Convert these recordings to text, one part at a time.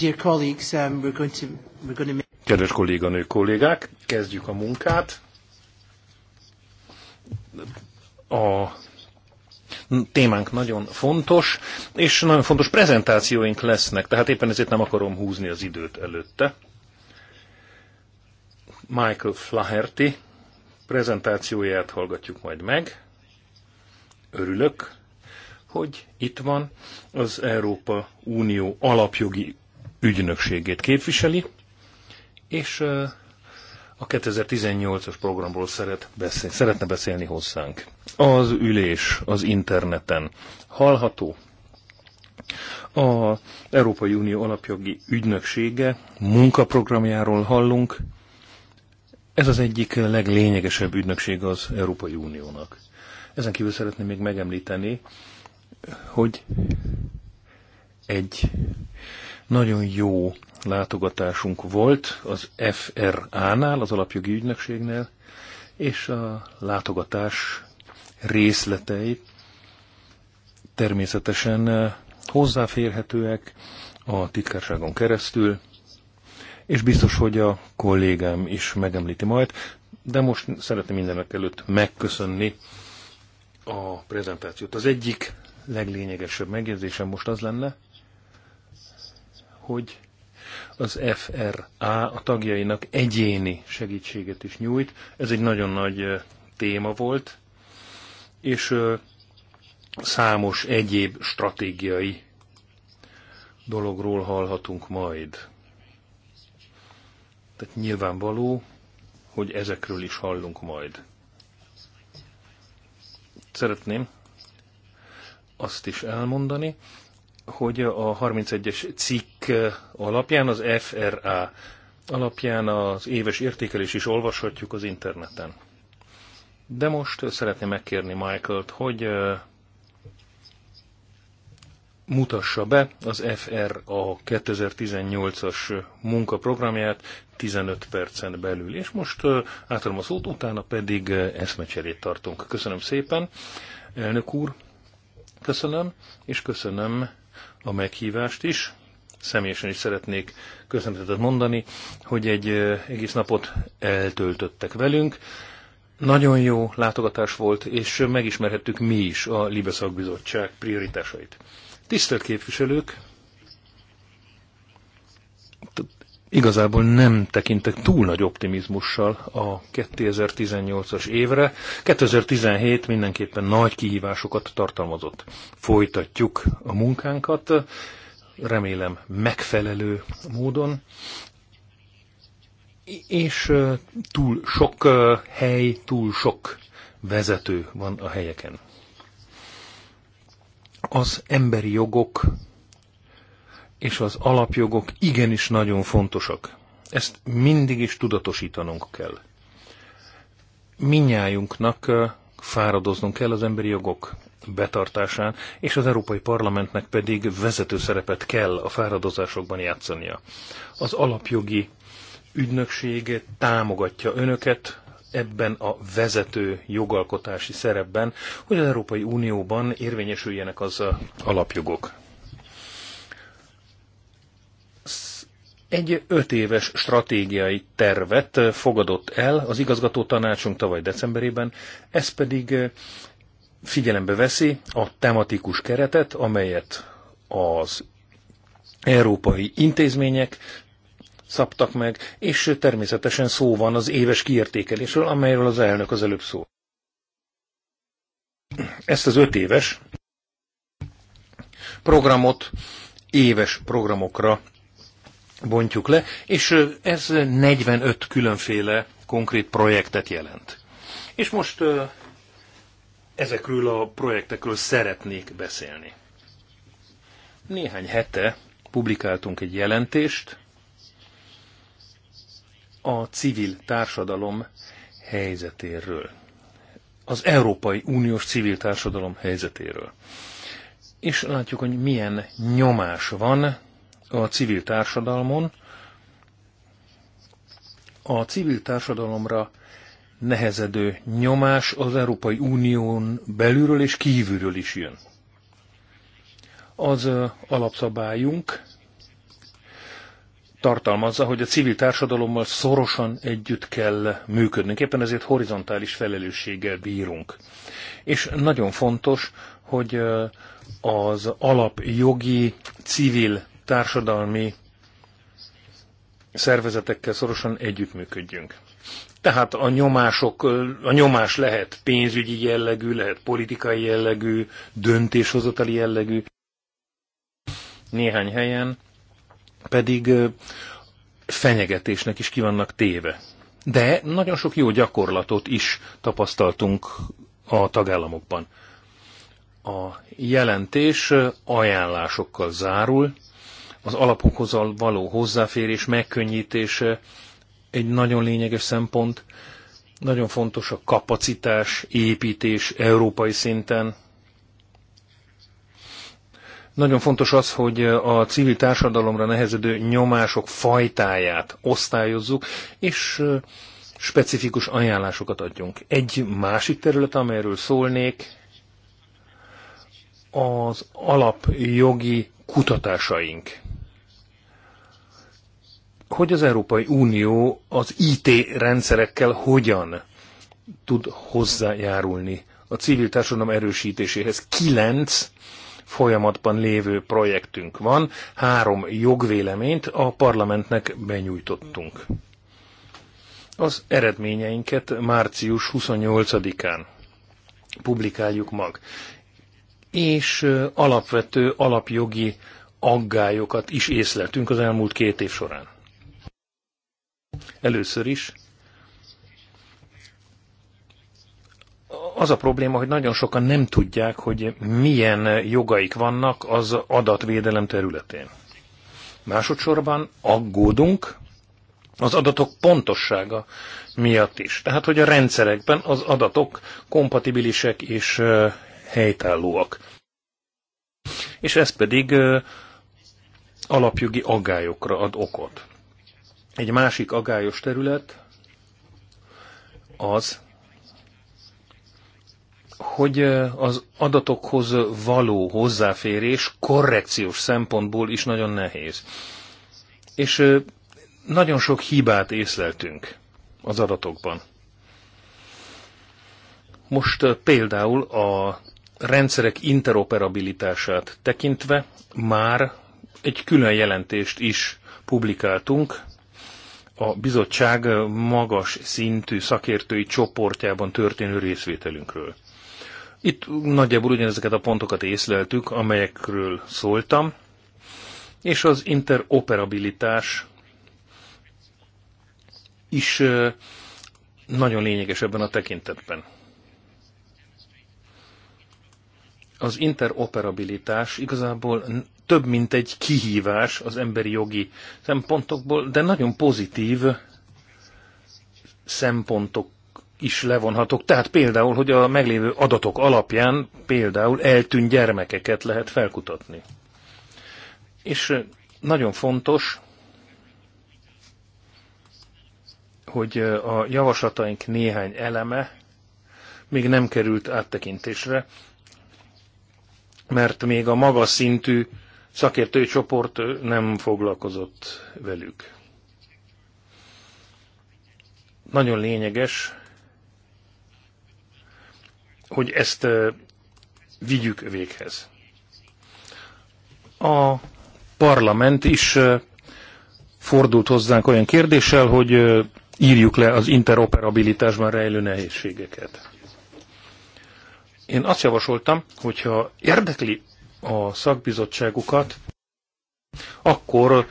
Um, Kedves kolléganők, kollégák, kezdjük a munkát. A témánk nagyon fontos, és nagyon fontos prezentációink lesznek, tehát éppen ezért nem akarom húzni az időt előtte. Michael Flaherty prezentációját hallgatjuk majd meg. Örülök, hogy itt van az Európa Unió alapjogi ügynökségét képviseli, és a 2018-as programról szeret beszél, szeretne beszélni hozzánk. Az ülés az interneten hallható. A Európai Unió alapjogi ügynöksége munkaprogramjáról hallunk. Ez az egyik leglényegesebb ügynökség az Európai Uniónak. Ezen kívül szeretném még megemlíteni, hogy egy nagyon jó látogatásunk volt az FRA-nál, az alapjogi ügynökségnél, és a látogatás részletei természetesen eh, hozzáférhetőek a titkárságon keresztül, és biztos, hogy a kollégám is megemlíti majd, de most szeretném mindenek előtt megköszönni a prezentációt. Az egyik leglényegesebb megjegyzésem most az lenne, hogy az FRA a tagjainak egyéni segítséget is nyújt. Ez egy nagyon nagy téma volt, és számos egyéb stratégiai dologról hallhatunk majd. Tehát nyilvánvaló, hogy ezekről is hallunk majd. Szeretném azt is elmondani, hogy a 31-es cikk alapján, az FRA alapján az éves értékelés is olvashatjuk az interneten. De most szeretném megkérni Michael-t, hogy mutassa be az FRA 2018-as munkaprogramját 15 percen belül. És most átadom a szót, utána pedig eszmecserét tartunk. Köszönöm szépen, elnök úr, köszönöm, és köszönöm a meghívást is. Személyesen is szeretnék köszönetet mondani, hogy egy egész napot eltöltöttek velünk. Nagyon jó látogatás volt, és megismerhettük mi is a Libe Szakbizottság prioritásait. Tisztelt képviselők! igazából nem tekintek túl nagy optimizmussal a 2018-as évre. 2017 mindenképpen nagy kihívásokat tartalmazott. Folytatjuk a munkánkat, remélem megfelelő módon, és túl sok hely, túl sok vezető van a helyeken. Az emberi jogok és az alapjogok igenis nagyon fontosak. Ezt mindig is tudatosítanunk kell. Minnyájunknak fáradoznunk kell az emberi jogok betartásán, és az Európai Parlamentnek pedig vezető szerepet kell a fáradozásokban játszania. Az alapjogi ügynökség támogatja önöket ebben a vezető jogalkotási szerepben, hogy az Európai Unióban érvényesüljenek az alapjogok. egy öt éves stratégiai tervet eh, fogadott el az igazgató tanácsunk tavaly decemberében, ez pedig eh, figyelembe veszi a tematikus keretet, amelyet az európai intézmények szabtak meg, és természetesen szó van az éves kiértékelésről, amelyről az elnök az előbb szól. Ezt az öt éves programot éves programokra bontjuk le, és ez 45 különféle konkrét projektet jelent. És most ezekről a projektekről szeretnék beszélni. Néhány hete publikáltunk egy jelentést a civil társadalom helyzetéről. Az Európai Uniós civil társadalom helyzetéről. És látjuk, hogy milyen nyomás van a civil társadalmon. A civil társadalomra nehezedő nyomás az Európai Unión belülről és kívülről is jön. Az alapszabályunk tartalmazza, hogy a civil társadalommal szorosan együtt kell működnünk, éppen ezért horizontális felelősséggel bírunk. És nagyon fontos, hogy az alapjogi civil társadalmi szervezetekkel szorosan együttműködjünk. Tehát a nyomások, a nyomás lehet pénzügyi jellegű, lehet politikai jellegű, döntéshozatali jellegű. Néhány helyen pedig fenyegetésnek is vannak téve. De nagyon sok jó gyakorlatot is tapasztaltunk a tagállamokban. A jelentés ajánlásokkal zárul, az alapokhoz való hozzáférés megkönnyítése egy nagyon lényeges szempont. Nagyon fontos a kapacitás, építés európai szinten. Nagyon fontos az, hogy a civil társadalomra nehezedő nyomások fajtáját osztályozzuk, és specifikus ajánlásokat adjunk. Egy másik terület, amelyről szólnék, az alapjogi kutatásaink hogy az Európai Unió az IT rendszerekkel hogyan tud hozzájárulni a civil társadalom erősítéséhez. Kilenc folyamatban lévő projektünk van, három jogvéleményt a parlamentnek benyújtottunk. Az eredményeinket március 28-án publikáljuk mag, és alapvető alapjogi aggályokat is észleltünk az elmúlt két év során. Először is az a probléma, hogy nagyon sokan nem tudják, hogy milyen jogaik vannak az adatvédelem területén. Másodszorban aggódunk az adatok pontossága miatt is. Tehát, hogy a rendszerekben az adatok kompatibilisek és helytállóak. És ez pedig alapjogi aggályokra ad okot. Egy másik agályos terület az, hogy az adatokhoz való hozzáférés korrekciós szempontból is nagyon nehéz. És nagyon sok hibát észleltünk az adatokban. Most például a rendszerek interoperabilitását tekintve már egy külön jelentést is publikáltunk a bizottság magas szintű szakértői csoportjában történő részvételünkről. Itt nagyjából ugyanezeket a pontokat észleltük, amelyekről szóltam, és az interoperabilitás is nagyon lényeges ebben a tekintetben. az interoperabilitás igazából több, mint egy kihívás az emberi jogi szempontokból, de nagyon pozitív szempontok is levonhatok. Tehát például, hogy a meglévő adatok alapján például eltűnt gyermekeket lehet felkutatni. És nagyon fontos, hogy a javaslataink néhány eleme még nem került áttekintésre, mert még a magas szintű szakértői csoport nem foglalkozott velük. Nagyon lényeges, hogy ezt eh, vigyük véghez. A parlament is eh, fordult hozzánk olyan kérdéssel, hogy eh, írjuk le az interoperabilitásban rejlő nehézségeket. Én azt javasoltam, hogyha érdekli a szakbizottságukat, akkor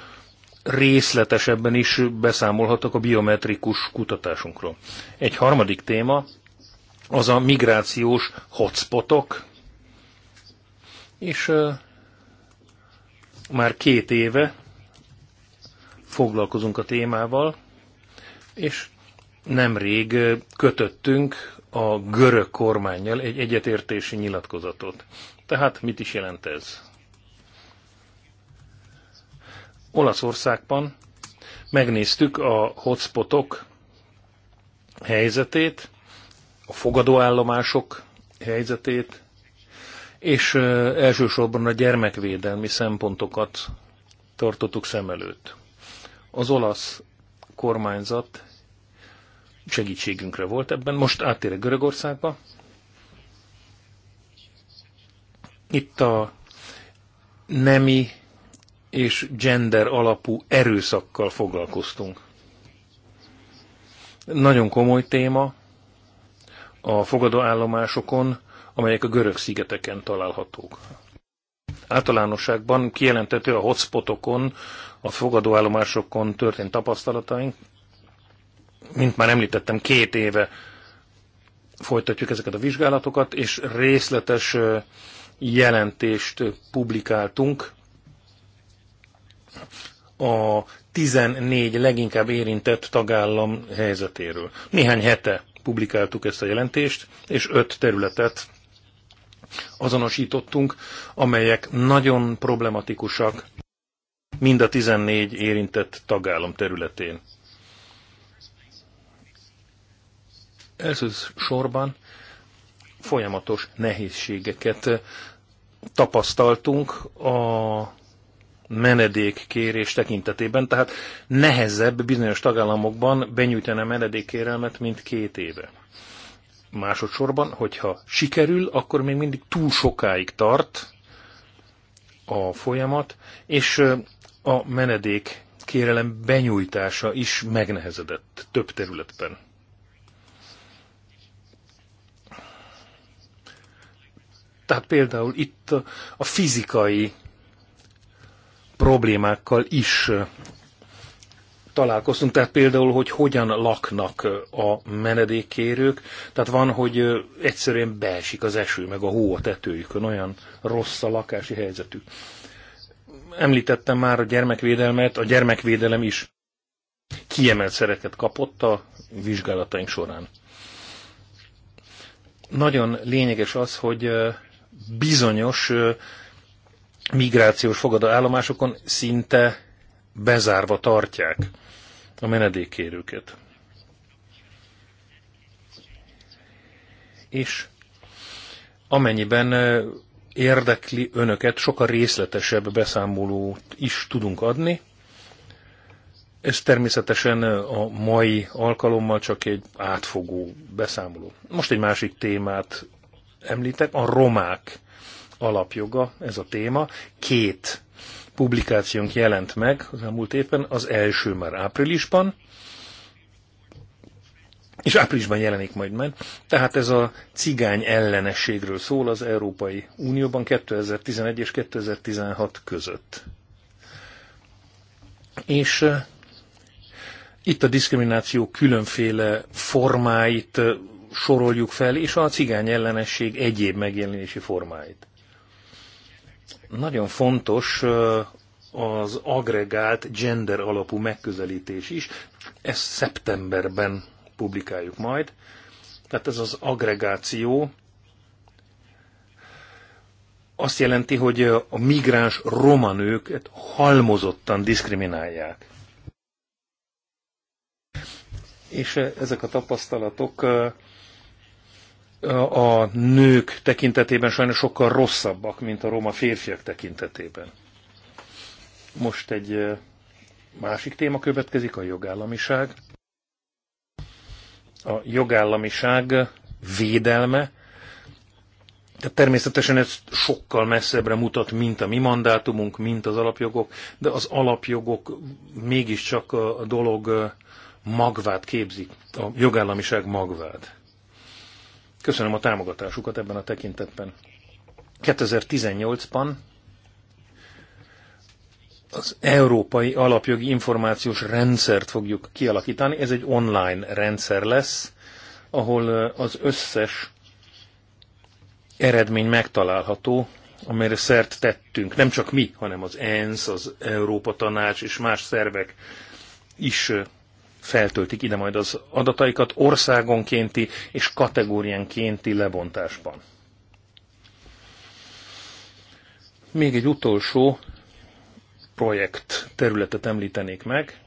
részletesebben is beszámolhatok a biometrikus kutatásunkról. Egy harmadik téma az a migrációs hotspotok, és uh, már két éve foglalkozunk a témával, és nemrég kötöttünk a görög kormányjal egy egyetértési nyilatkozatot. Tehát mit is jelent ez? Olaszországban megnéztük a hotspotok helyzetét, a fogadóállomások helyzetét, és elsősorban a gyermekvédelmi szempontokat tartottuk szem előtt. Az olasz kormányzat segítségünkre volt ebben. Most áttérek Görögországba. Itt a nemi és gender alapú erőszakkal foglalkoztunk. Nagyon komoly téma a fogadóállomásokon, amelyek a görög szigeteken találhatók. Általánosságban kijelentető a hotspotokon, a fogadóállomásokon történt tapasztalataink, mint már említettem, két éve folytatjuk ezeket a vizsgálatokat, és részletes jelentést publikáltunk a 14 leginkább érintett tagállam helyzetéről. Néhány hete publikáltuk ezt a jelentést, és öt területet azonosítottunk, amelyek nagyon problematikusak mind a 14 érintett tagállam területén. Elsősorban folyamatos nehézségeket tapasztaltunk a menedékkérés tekintetében, tehát nehezebb bizonyos tagállamokban benyújtani a menedékkérelmet, mint két éve. Másodszorban, hogyha sikerül, akkor még mindig túl sokáig tart a folyamat, és a menedék kérelem benyújtása is megnehezedett több területben. Tehát például itt a fizikai problémákkal is találkoztunk, tehát például, hogy hogyan laknak a menedékkérők, tehát van, hogy egyszerűen beesik az eső, meg a hó a tetőjükön, olyan rossz a lakási helyzetük. Említettem már a gyermekvédelmet, a gyermekvédelem is kiemelt szereket kapott a vizsgálataink során. Nagyon lényeges az, hogy bizonyos migrációs fogadóállomásokon szinte bezárva tartják a menedékkérőket. És amennyiben érdekli önöket, sokkal részletesebb beszámolót is tudunk adni. Ez természetesen a mai alkalommal csak egy átfogó beszámoló. Most egy másik témát említek, a romák alapjoga, ez a téma. Két publikációnk jelent meg az elmúlt éppen, az első már áprilisban, és áprilisban jelenik majd meg. Tehát ez a cigány ellenességről szól az Európai Unióban 2011 és 2016 között. És eh, itt a diszkrimináció különféle formáit eh, soroljuk fel, és a cigány ellenesség egyéb megjelenési formáit. Nagyon fontos az agregált gender alapú megközelítés is. Ezt szeptemberben publikáljuk majd. Tehát ez az agregáció azt jelenti, hogy a migráns roma nőket halmozottan diszkriminálják. És ezek a tapasztalatok a nők tekintetében sajnos sokkal rosszabbak, mint a roma férfiak tekintetében. Most egy másik téma következik, a jogállamiság. A jogállamiság védelme, tehát természetesen ez sokkal messzebbre mutat, mint a mi mandátumunk, mint az alapjogok, de az alapjogok mégiscsak a dolog magvát képzik, a jogállamiság magvát. Köszönöm a támogatásukat ebben a tekintetben. 2018-ban az Európai Alapjogi Információs Rendszert fogjuk kialakítani. Ez egy online rendszer lesz, ahol az összes eredmény megtalálható, amelyre szert tettünk. Nem csak mi, hanem az ENSZ, az Európa Tanács és más szervek is feltöltik ide majd az adataikat országonkénti és kategóriánkénti lebontásban. Még egy utolsó projekt területet említenék meg.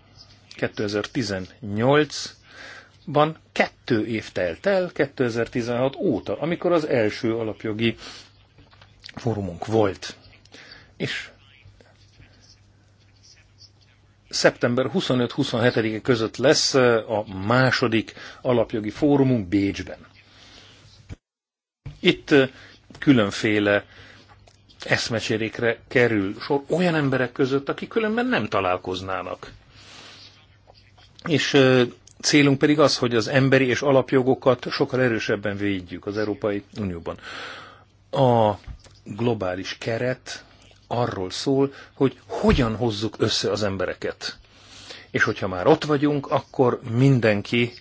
2018-ban kettő év telt el, 2016 óta, amikor az első alapjogi fórumunk volt. És szeptember 25-27-e között lesz a második alapjogi fórumunk Bécsben. Itt különféle eszmecserékre kerül sor olyan emberek között, akik különben nem találkoznának. És célunk pedig az, hogy az emberi és alapjogokat sokkal erősebben védjük az Európai Unióban. A globális keret arról szól, hogy hogyan hozzuk össze az embereket. És hogyha már ott vagyunk, akkor mindenki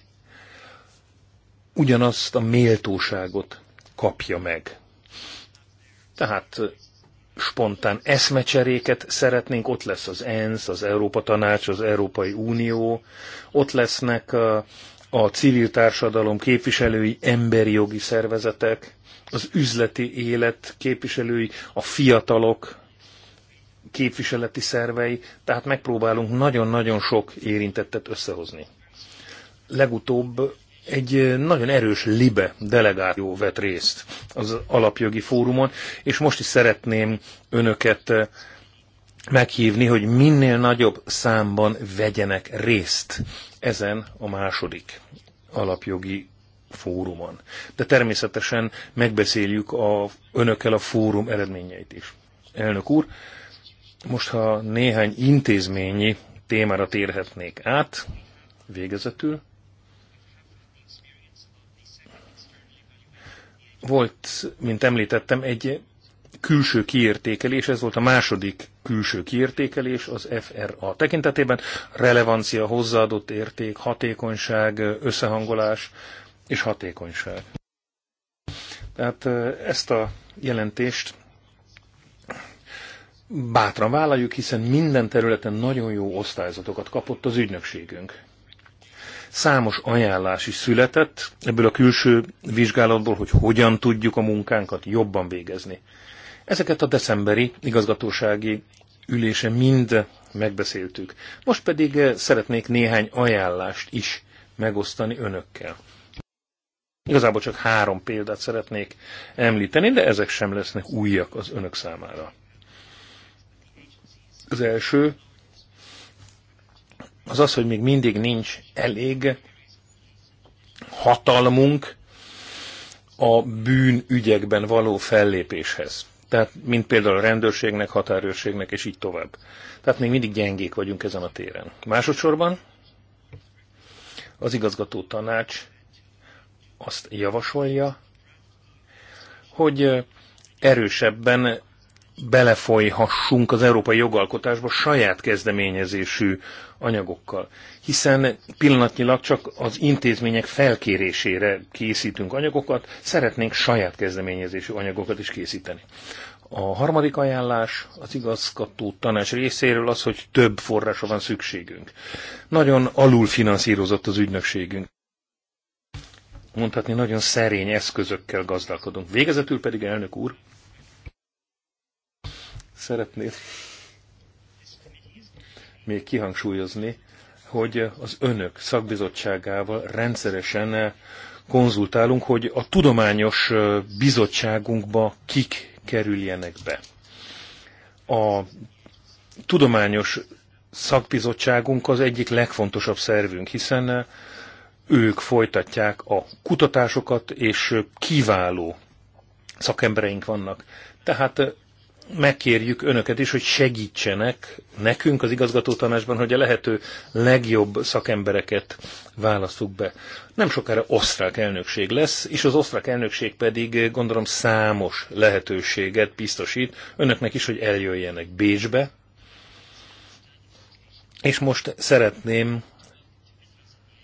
ugyanazt a méltóságot kapja meg. Tehát spontán eszmecseréket szeretnénk, ott lesz az ENSZ, az Európa Tanács, az Európai Unió, ott lesznek a, a civil társadalom képviselői, emberi jogi szervezetek, az üzleti élet képviselői, a fiatalok, képviseleti szervei, tehát megpróbálunk nagyon-nagyon sok érintettet összehozni. Legutóbb egy eh, nagyon erős libe delegáció vett részt az alapjogi fórumon, és most is szeretném önöket eh, meghívni, hogy minél nagyobb számban vegyenek részt ezen a második alapjogi fórumon. De természetesen megbeszéljük a, önökkel a fórum eredményeit is. Elnök úr, most, ha néhány intézményi témára térhetnék át, végezetül, volt, mint említettem, egy külső kiértékelés, ez volt a második külső kiértékelés az FRA tekintetében, relevancia, hozzáadott érték, hatékonyság, összehangolás és hatékonyság. Tehát ezt a jelentést bátran vállaljuk, hiszen minden területen nagyon jó osztályzatokat kapott az ügynökségünk. Számos ajánlás is született ebből a külső vizsgálatból, hogy hogyan tudjuk a munkánkat jobban végezni. Ezeket a decemberi igazgatósági ülése mind megbeszéltük. Most pedig eh, szeretnék néhány ajánlást is megosztani önökkel. Igazából csak három példát szeretnék említeni, de ezek sem lesznek újak az önök számára. Az első az az, hogy még mindig nincs elég hatalmunk a bűnügyekben való fellépéshez. Tehát, mint például a rendőrségnek, határőrségnek, és így tovább. Tehát még mindig gyengék vagyunk ezen a téren. Másodszorban az igazgató tanács azt javasolja, hogy erősebben belefolyhassunk az európai jogalkotásba saját kezdeményezésű anyagokkal. Hiszen pillanatnyilag csak az intézmények felkérésére készítünk anyagokat, szeretnénk saját kezdeményezésű anyagokat is készíteni. A harmadik ajánlás az igazgató tanács részéről az, hogy több forrásra van szükségünk. Nagyon finanszírozott az ügynökségünk. Mondhatni, nagyon szerény eszközökkel gazdálkodunk. Végezetül pedig, elnök úr, szeretnél még kihangsúlyozni, hogy az önök szakbizottságával rendszeresen konzultálunk, hogy a tudományos bizottságunkba kik kerüljenek be. A tudományos szakbizottságunk az egyik legfontosabb szervünk, hiszen ők folytatják a kutatásokat, és kiváló szakembereink vannak. Tehát megkérjük önöket is, hogy segítsenek nekünk az igazgatótanácsban, hogy a lehető legjobb szakembereket válaszuk be. Nem sokára osztrák elnökség lesz, és az osztrák elnökség pedig gondolom számos lehetőséget biztosít önöknek is, hogy eljöjjenek Bécsbe. És most szeretném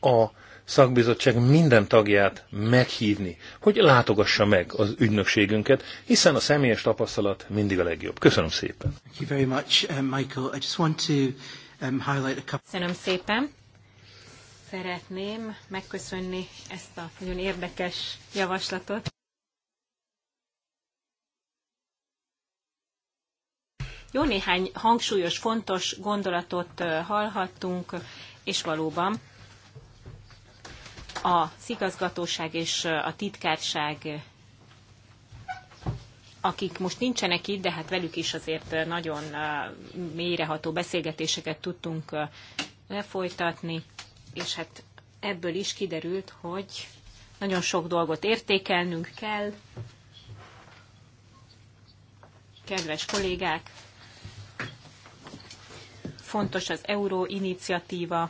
a szakbizottság minden tagját meghívni, hogy látogassa meg az ügynökségünket, hiszen a személyes tapasztalat mindig a legjobb. Köszönöm szépen. Uh, um, Köszönöm szépen. Szeretném megköszönni ezt a nagyon érdekes javaslatot. Jó néhány hangsúlyos, fontos gondolatot uh, hallhattunk, és valóban a szigazgatóság és a titkárság, akik most nincsenek itt, de hát velük is azért nagyon mélyreható beszélgetéseket tudtunk lefolytatni, és hát ebből is kiderült, hogy nagyon sok dolgot értékelnünk kell. Kedves kollégák, fontos az euró iniciatíva,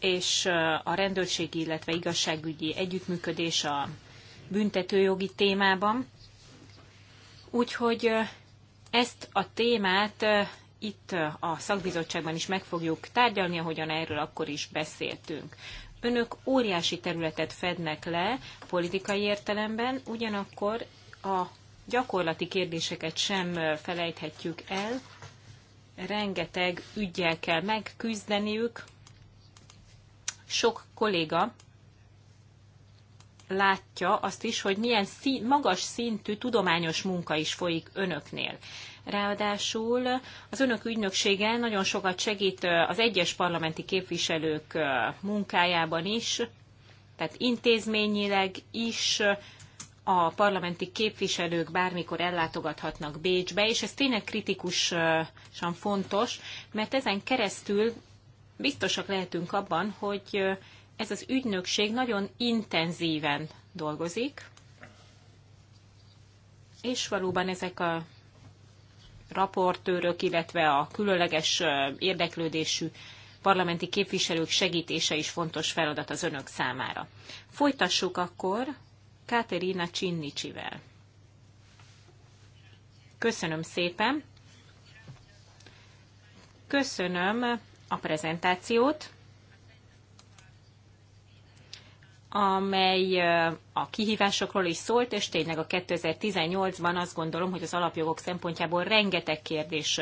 és a rendőrségi, illetve igazságügyi együttműködés a büntetőjogi témában. Úgyhogy ezt a témát itt a szakbizottságban is meg fogjuk tárgyalni, ahogyan erről akkor is beszéltünk. Önök óriási területet fednek le politikai értelemben, ugyanakkor a gyakorlati kérdéseket sem felejthetjük el. Rengeteg ügyel kell megküzdeniük, sok kolléga látja azt is, hogy milyen szín, magas szintű tudományos munka is folyik önöknél. Ráadásul az önök ügynöksége nagyon sokat segít az egyes parlamenti képviselők munkájában is, tehát intézményileg is a parlamenti képviselők bármikor ellátogathatnak Bécsbe, és ez tényleg kritikusan fontos, mert ezen keresztül biztosak lehetünk abban, hogy ez az ügynökség nagyon intenzíven dolgozik, és valóban ezek a raportőrök, illetve a különleges érdeklődésű parlamenti képviselők segítése is fontos feladat az önök számára. Folytassuk akkor Káterina Csinnicsivel. Köszönöm szépen. Köszönöm a prezentációt, amely a kihívásokról is szólt, és tényleg a 2018-ban azt gondolom, hogy az alapjogok szempontjából rengeteg kérdés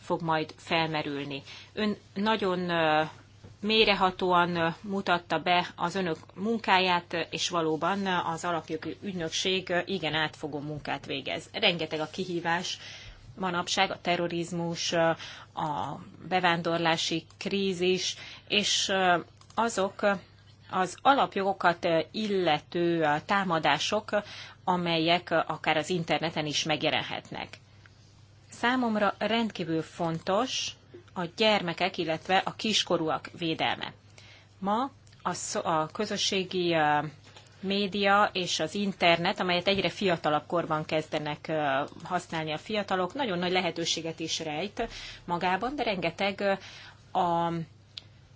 fog majd felmerülni. Ön nagyon mérehatóan mutatta be az önök munkáját, és valóban az alapjogi ügynökség igen átfogó munkát végez. Rengeteg a kihívás, manapság, a terrorizmus, a bevándorlási krízis, és azok az alapjogokat illető támadások, amelyek akár az interneten is megjelenhetnek. Számomra rendkívül fontos a gyermekek, illetve a kiskorúak védelme. Ma a, közösségi média és az internet, amelyet egyre fiatalabb korban kezdenek használni a fiatalok, nagyon nagy lehetőséget is rejt magában, de rengeteg a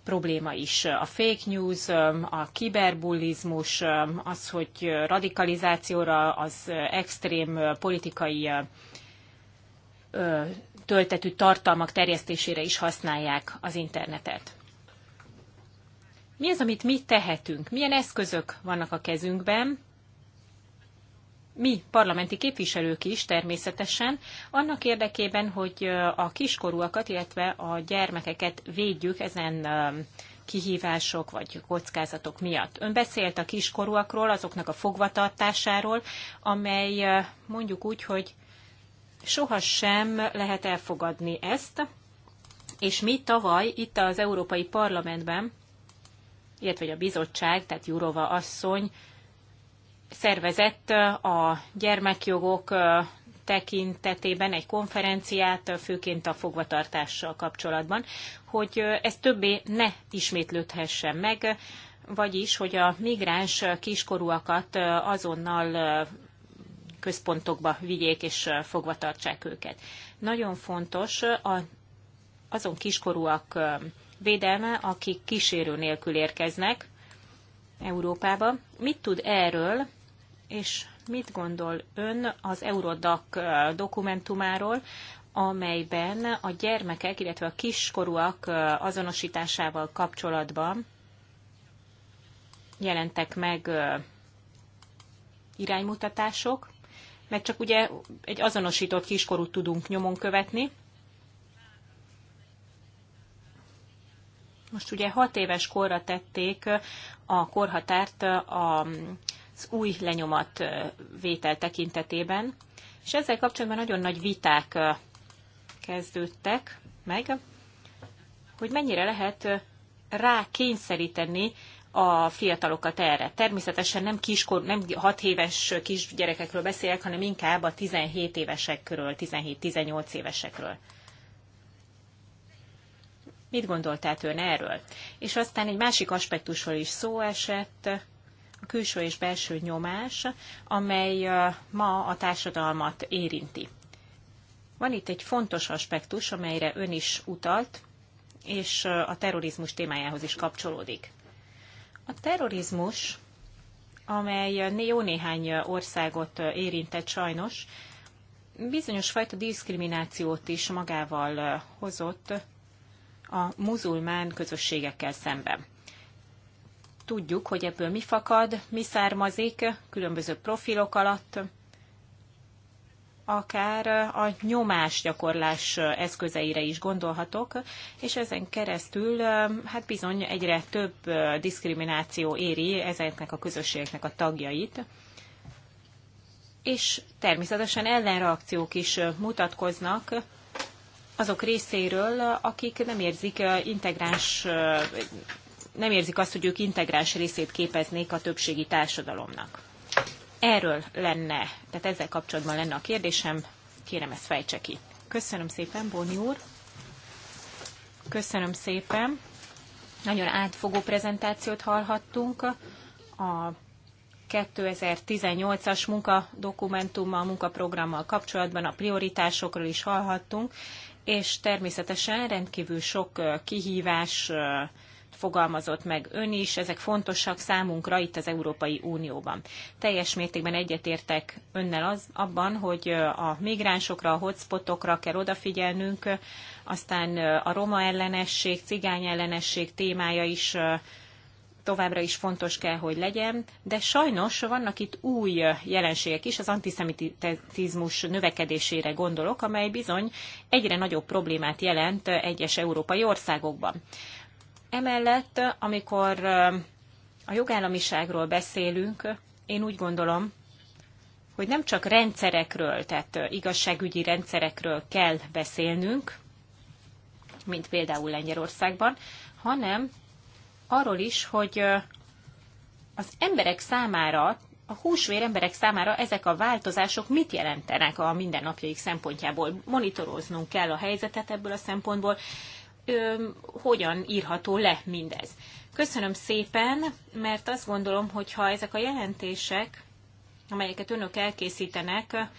probléma is. A fake news, a kiberbullizmus, az, hogy radikalizációra, az extrém politikai töltetű tartalmak terjesztésére is használják az internetet. Mi az, amit mi tehetünk? Milyen eszközök vannak a kezünkben? Mi, parlamenti képviselők is természetesen, annak érdekében, hogy a kiskorúakat, illetve a gyermekeket védjük ezen kihívások vagy kockázatok miatt. Ön beszélt a kiskorúakról, azoknak a fogvatartásáról, amely mondjuk úgy, hogy sohasem lehet elfogadni ezt, és mi tavaly itt az Európai Parlamentben illetve a bizottság, tehát Jurova asszony szervezett a gyermekjogok tekintetében egy konferenciát, főként a fogvatartással kapcsolatban, hogy ez többé ne ismétlődhessen meg, vagyis, hogy a migráns kiskorúakat azonnal központokba vigyék és fogvatartsák őket. Nagyon fontos a, azon kiskorúak védelme, akik kísérő nélkül érkeznek Európába. Mit tud erről, és mit gondol ön az Eurodac dokumentumáról, amelyben a gyermekek, illetve a kiskorúak azonosításával kapcsolatban jelentek meg iránymutatások, mert csak ugye egy azonosított kiskorút tudunk nyomon követni, Most ugye hat éves korra tették a korhatárt az új lenyomat vétel tekintetében, és ezzel kapcsolatban nagyon nagy viták kezdődtek meg, hogy mennyire lehet rá kényszeríteni a fiatalokat erre. Természetesen nem, kiskor, nem 6 éves kisgyerekekről beszélek, hanem inkább a 17 évesekről, 17-18 évesekről. Mit gondoltát ön erről? És aztán egy másik aspektusról is szó esett, a külső és belső nyomás, amely ma a társadalmat érinti. Van itt egy fontos aspektus, amelyre ön is utalt, és a terrorizmus témájához is kapcsolódik. A terrorizmus, amely jó néhány országot érintett sajnos, bizonyos fajta diszkriminációt is magával hozott, a muzulmán közösségekkel szemben. Tudjuk, hogy ebből mi fakad, mi származik különböző profilok alatt, akár a nyomásgyakorlás eszközeire is gondolhatok, és ezen keresztül hát bizony egyre több diszkrimináció éri ezeknek a közösségeknek a tagjait, és természetesen ellenreakciók is mutatkoznak azok részéről, akik nem érzik integráns nem érzik azt, hogy ők integráns részét képeznék a többségi társadalomnak. Erről lenne, tehát ezzel kapcsolatban lenne a kérdésem, kérem ezt fejtse ki. Köszönöm szépen, Bóni úr. Köszönöm szépen. Nagyon átfogó prezentációt hallhattunk a 2018-as munkadokumentummal, munkaprogrammal kapcsolatban a prioritásokról is hallhattunk, és természetesen rendkívül sok kihívás fogalmazott meg ön is, ezek fontosak számunkra itt az Európai Unióban. Teljes mértékben egyetértek önnel az, abban, hogy a migránsokra, a hotspotokra kell odafigyelnünk, aztán a roma ellenesség, cigány ellenesség témája is továbbra is fontos kell, hogy legyen, de sajnos vannak itt új jelenségek is, az antiszemitizmus növekedésére gondolok, amely bizony egyre nagyobb problémát jelent egyes európai országokban. Emellett, amikor a jogállamiságról beszélünk, én úgy gondolom, hogy nem csak rendszerekről, tehát igazságügyi rendszerekről kell beszélnünk, mint például Lengyelországban, hanem arról is, hogy az emberek számára, a húsvér emberek számára ezek a változások mit jelentenek a mindennapjaik szempontjából. Monitoroznunk kell a helyzetet ebből a szempontból, ö, hogyan írható le mindez. Köszönöm szépen, mert azt gondolom, hogy ha ezek a jelentések, amelyeket önök elkészítenek,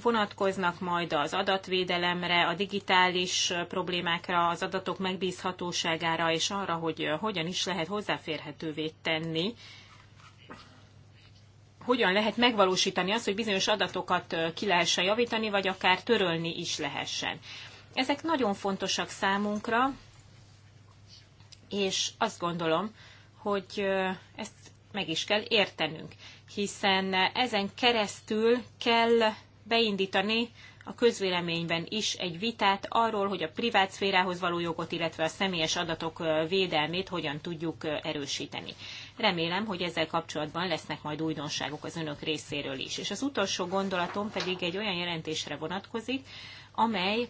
vonatkoznak majd az adatvédelemre, a digitális problémákra, az adatok megbízhatóságára és arra, hogy hogyan is lehet hozzáférhetővé tenni, hogyan lehet megvalósítani azt, hogy bizonyos adatokat ki lehessen javítani, vagy akár törölni is lehessen. Ezek nagyon fontosak számunkra, és azt gondolom, hogy ezt meg is kell értenünk, hiszen ezen keresztül kell beindítani a közvéleményben is egy vitát arról, hogy a privát szférához való jogot, illetve a személyes adatok védelmét hogyan tudjuk erősíteni. Remélem, hogy ezzel kapcsolatban lesznek majd újdonságok az önök részéről is. És az utolsó gondolatom pedig egy olyan jelentésre vonatkozik, amely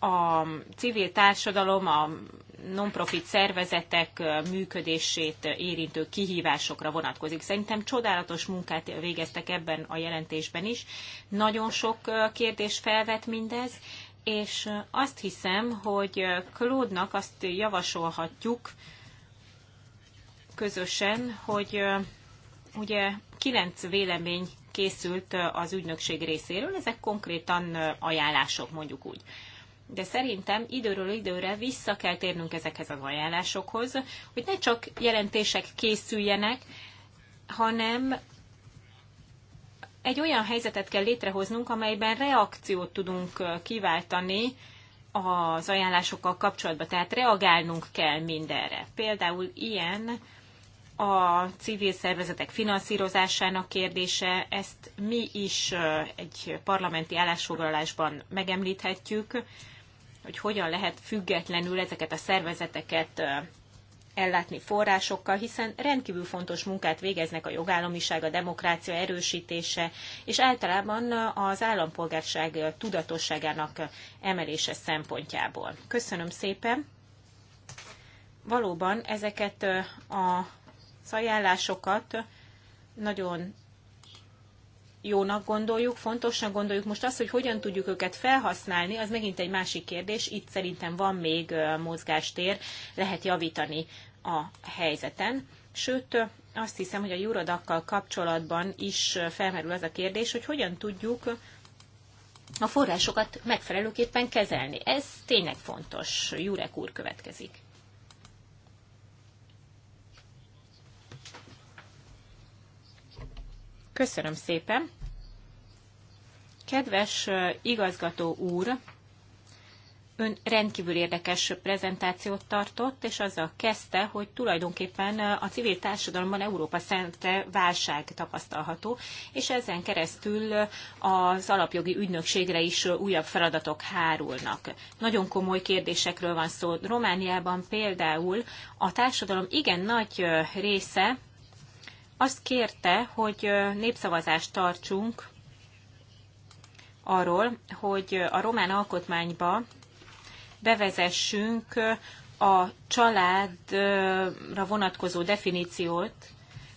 a civil társadalom, a non-profit szervezetek működését érintő kihívásokra vonatkozik. Szerintem csodálatos munkát végeztek ebben a jelentésben is. Nagyon sok kérdés felvet mindez, és azt hiszem, hogy Klódnak azt javasolhatjuk közösen, hogy ugye kilenc vélemény készült az ügynökség részéről, ezek konkrétan ajánlások, mondjuk úgy de szerintem időről időre vissza kell térnünk ezekhez az ajánlásokhoz, hogy ne csak jelentések készüljenek, hanem egy olyan helyzetet kell létrehoznunk, amelyben reakciót tudunk kiváltani az ajánlásokkal kapcsolatban. Tehát reagálnunk kell mindenre. Például ilyen a civil szervezetek finanszírozásának kérdése, ezt mi is egy parlamenti állásfoglalásban megemlíthetjük, hogy hogyan lehet függetlenül ezeket a szervezeteket ellátni forrásokkal, hiszen rendkívül fontos munkát végeznek a jogállamiság, a demokrácia erősítése, és általában az állampolgárság tudatosságának emelése szempontjából. Köszönöm szépen! Valóban ezeket a ajánlásokat nagyon jónak gondoljuk, fontosnak gondoljuk. Most az, hogy hogyan tudjuk őket felhasználni, az megint egy másik kérdés. Itt szerintem van még mozgástér, lehet javítani a helyzeten. Sőt, azt hiszem, hogy a Jurodakkal kapcsolatban is felmerül az a kérdés, hogy hogyan tudjuk a forrásokat megfelelőképpen kezelni. Ez tényleg fontos. Jurek úr következik. Köszönöm szépen. Kedves igazgató úr, ön rendkívül érdekes prezentációt tartott, és azzal kezdte, hogy tulajdonképpen a civil társadalomban Európa szerte válság tapasztalható, és ezen keresztül az alapjogi ügynökségre is újabb feladatok hárulnak. Nagyon komoly kérdésekről van szó. Romániában például a társadalom igen nagy része azt kérte, hogy népszavazást tartsunk arról, hogy a román alkotmányba bevezessünk a családra vonatkozó definíciót,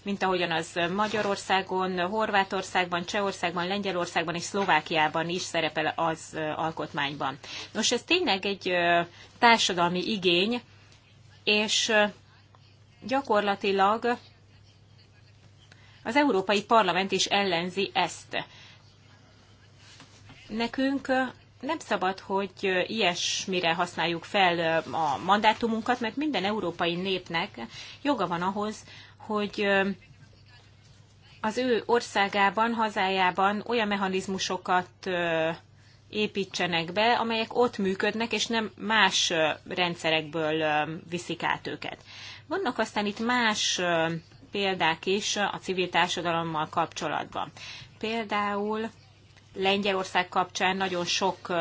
mint ahogyan az Magyarországon, Horvátországban, Csehországban, Lengyelországban és Szlovákiában is szerepel az alkotmányban. Nos, ez tényleg egy társadalmi igény, és gyakorlatilag az Európai Parlament is ellenzi ezt. Nekünk nem szabad, hogy ilyesmire használjuk fel a mandátumunkat, mert minden európai népnek joga van ahhoz, hogy az ő országában, hazájában olyan mechanizmusokat építsenek be, amelyek ott működnek, és nem más rendszerekből viszik át őket. Vannak aztán itt más példák is a civil társadalommal kapcsolatban. Például Lengyelország kapcsán nagyon sok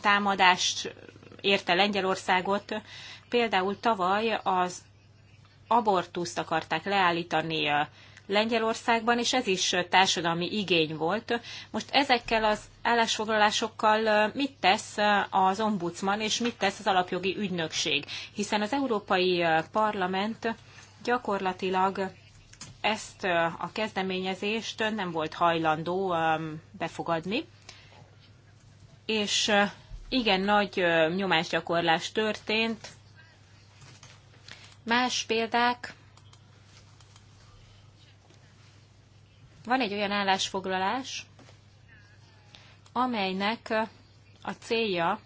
támadást érte Lengyelországot. Például tavaly az abortuszt akarták leállítani Lengyelországban, és ez is társadalmi igény volt. Most ezekkel az állásfoglalásokkal mit tesz az ombudsman, és mit tesz az alapjogi ügynökség? Hiszen az Európai Parlament gyakorlatilag ezt a kezdeményezést nem volt hajlandó befogadni, és igen nagy nyomásgyakorlás történt. Más példák. Van egy olyan állásfoglalás, amelynek a célja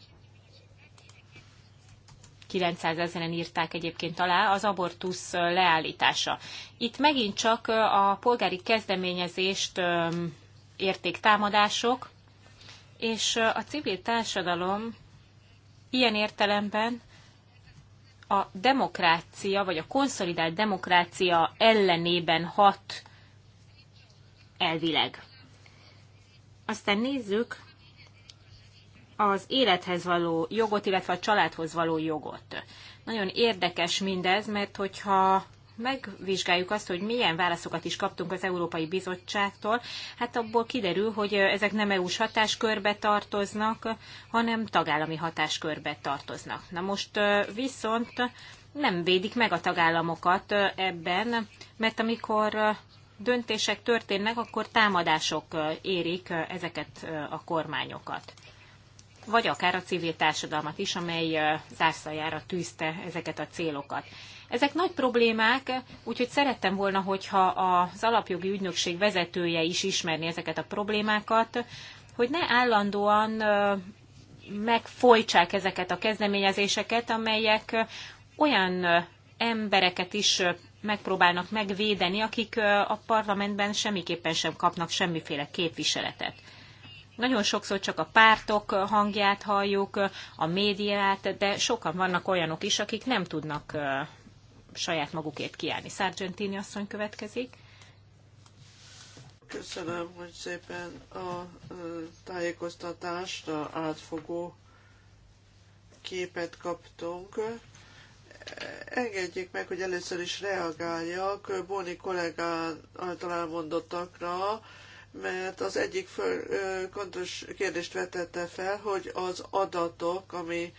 900 ezeren írták egyébként alá, az abortusz leállítása. Itt megint csak a polgári kezdeményezést érték támadások, és a civil társadalom ilyen értelemben a demokrácia, vagy a konszolidált demokrácia ellenében hat elvileg. Aztán nézzük az élethez való jogot, illetve a családhoz való jogot. Nagyon érdekes mindez, mert hogyha megvizsgáljuk azt, hogy milyen válaszokat is kaptunk az Európai Bizottságtól, hát abból kiderül, hogy ezek nem EU-s hatáskörbe tartoznak, hanem tagállami hatáskörbe tartoznak. Na most viszont nem védik meg a tagállamokat ebben, mert amikor döntések történnek, akkor támadások érik ezeket a kormányokat vagy akár a civil társadalmat is, amely zászlajára tűzte ezeket a célokat. Ezek nagy problémák, úgyhogy szerettem volna, hogyha az alapjogi ügynökség vezetője is ismerni ezeket a problémákat, hogy ne állandóan megfolytsák ezeket a kezdeményezéseket, amelyek olyan embereket is megpróbálnak megvédeni, akik a parlamentben semmiképpen sem kapnak semmiféle képviseletet. Nagyon sokszor csak a pártok hangját halljuk, a médiát, de sokan vannak olyanok is, akik nem tudnak saját magukért kiállni. Sargentini asszony következik. Köszönöm, hogy szépen a tájékoztatást, a átfogó képet kaptunk. Engedjék meg, hogy először is reagáljak Bóni kollégán által elmondottakra, mert az egyik föl, fontos kérdést vetette fel, hogy az adatok, ami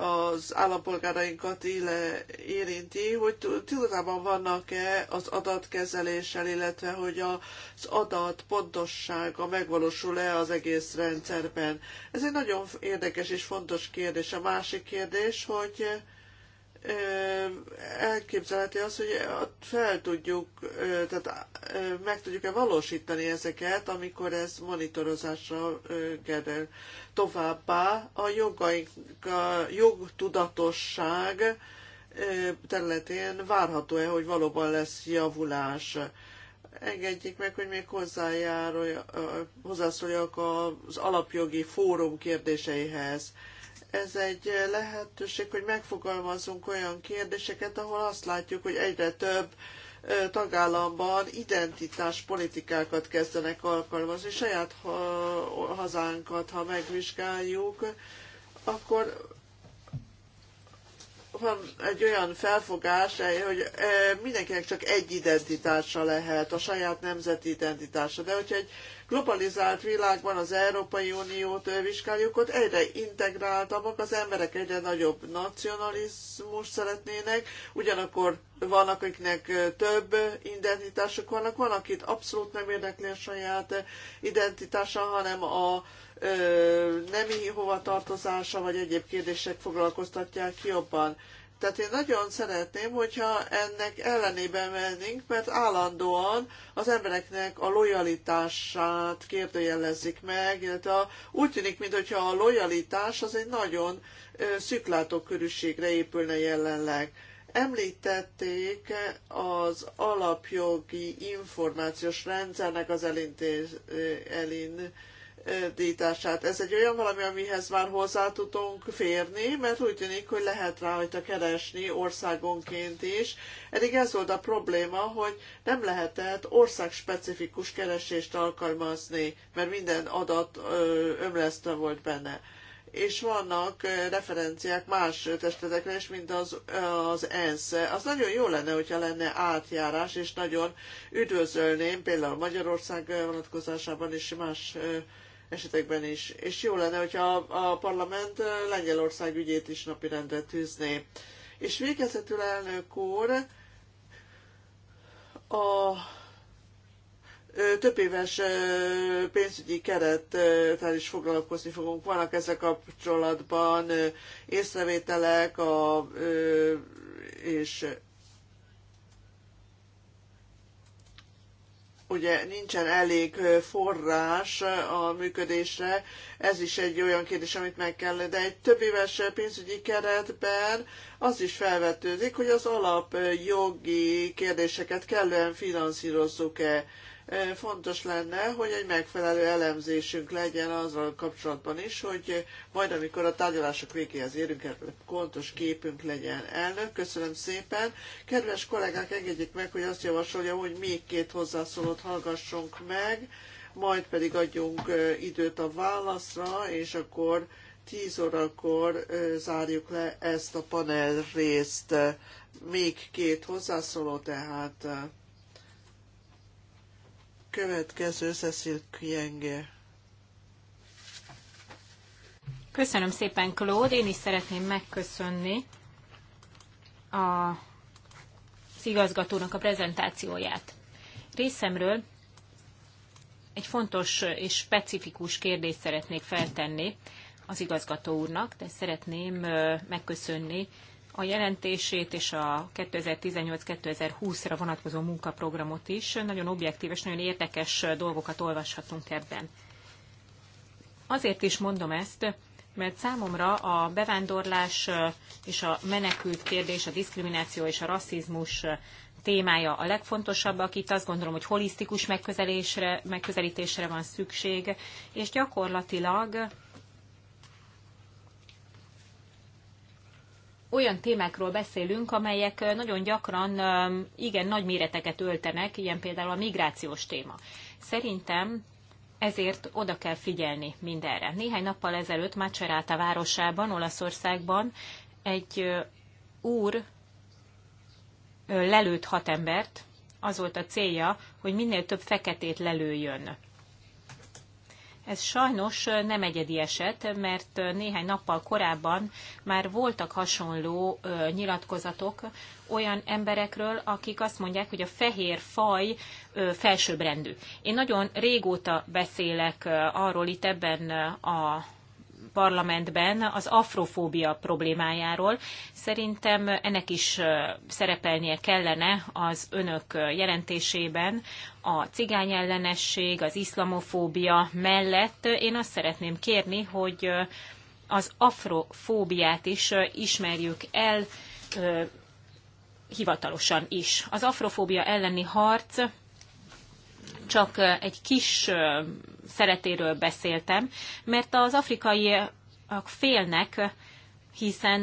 az állampolgárainkat érinti, hogy tudatában vannak-e az adatkezeléssel, illetve hogy az adat pontossága megvalósul-e az egész rendszerben. Ez egy nagyon érdekes és fontos kérdés. A másik kérdés, hogy elképzelheti az, hogy fel tudjuk, tehát meg tudjuk-e valósítani ezeket, amikor ez monitorozásra kerül. Továbbá a jogaink, a jogtudatosság területén várható-e, hogy valóban lesz javulás. Engedjék meg, hogy még hozzászóljak az alapjogi fórum kérdéseihez ez egy lehetőség, hogy megfogalmazzunk olyan kérdéseket, ahol azt látjuk, hogy egyre több tagállamban identitáspolitikákat kezdenek alkalmazni. Saját hazánkat, ha megvizsgáljuk, akkor van egy olyan felfogás, hogy mindenkinek csak egy identitása lehet, a saját nemzeti identitása. De hogyha egy globalizált világban az Európai Uniót vizsgáljuk, ott egyre integráltabbak, az emberek egyre nagyobb nacionalizmus szeretnének, ugyanakkor vannak, akiknek több identitások vannak, van, akit abszolút nem érdekli a saját identitása, hanem a nemi hovatartozása vagy egyéb kérdések foglalkoztatják jobban. Tehát én nagyon szeretném, hogyha ennek ellenében mennénk, mert állandóan az embereknek a lojalitását kérdőjelezik meg, illetve úgy tűnik, mintha a lojalitás az egy nagyon szűklátókörűségre épülne jelenleg. Említették az alapjogi információs rendszernek az elintézését, elin díjtását. Ez egy olyan valami, amihez már hozzá tudunk férni, mert úgy tűnik, hogy lehet rá rajta keresni országonként is. Eddig ez volt a probléma, hogy nem lehetett országspecifikus keresést alkalmazni, mert minden adat ömlesztve volt benne és vannak referenciák más testetekre is, mint az, az ENSZ. Az nagyon jó lenne, hogyha lenne átjárás, és nagyon üdvözölném például Magyarország vonatkozásában és más esetekben is. És jó lenne, hogyha a parlament Lengyelország ügyét is napirendre tűzné. És végezetül elnök úr, a több éves pénzügyi kerettel is foglalkozni fogunk. Vannak ezzel kapcsolatban észrevételek a, és ugye nincsen elég forrás a működésre, ez is egy olyan kérdés, amit meg kell, de egy több éves pénzügyi keretben az is felvetődik, hogy az alapjogi kérdéseket kellően finanszírozzuk-e fontos lenne, hogy egy megfelelő elemzésünk legyen azzal kapcsolatban is, hogy majd amikor a tárgyalások végéhez érünk, erről pontos képünk legyen. Elnök, köszönöm szépen. Kedves kollégák, engedjék meg, hogy azt javasolja, hogy még két hozzászólót hallgassunk meg, majd pedig adjunk időt a válaszra, és akkor 10 órakor zárjuk le ezt a panel részt. Még két hozzászóló tehát. Következő Cecil Kienge. Köszönöm szépen, Claude. Én is szeretném megköszönni a igazgatónak a prezentációját. Részemről egy fontos és specifikus kérdést szeretnék feltenni az igazgató úrnak, de szeretném megköszönni a jelentését és a 2018-2020-ra vonatkozó munkaprogramot is. Nagyon objektív és nagyon érdekes dolgokat olvashatunk ebben. Azért is mondom ezt, mert számomra a bevándorlás és a menekült kérdés, a diszkrimináció és a rasszizmus témája a legfontosabbak. Itt azt gondolom, hogy holisztikus megközelésre, megközelítésre van szükség, és gyakorlatilag olyan témákról beszélünk, amelyek nagyon gyakran igen nagy méreteket öltenek, ilyen például a migrációs téma. Szerintem ezért oda kell figyelni mindenre. Néhány nappal ezelőtt Macerata városában, Olaszországban egy úr lelőtt hat embert. Az volt a célja, hogy minél több feketét lelőjön. Ez sajnos nem egyedi eset, mert néhány nappal korábban már voltak hasonló nyilatkozatok olyan emberekről, akik azt mondják, hogy a fehér faj felsőbbrendű. Én nagyon régóta beszélek arról itt ebben a parlamentben az afrofóbia problémájáról. Szerintem ennek is szerepelnie kellene az önök jelentésében a cigányellenesség, az iszlamofóbia mellett. Én azt szeretném kérni, hogy az afrofóbiát is ismerjük el hivatalosan is. Az afrofóbia elleni harc csak egy kis szeretéről beszéltem, mert az afrikaiak félnek, hiszen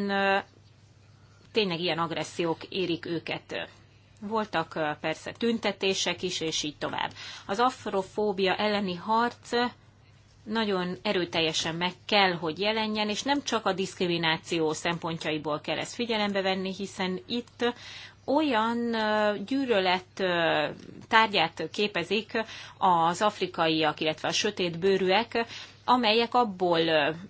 tényleg ilyen agressziók érik őket. Voltak persze tüntetések is, és így tovább. Az afrofóbia elleni harc nagyon erőteljesen meg kell, hogy jelenjen, és nem csak a diszkrimináció szempontjaiból kell ezt figyelembe venni, hiszen itt olyan gyűrölet tárgyát képezik az afrikaiak, illetve a sötét bőrűek, amelyek abból,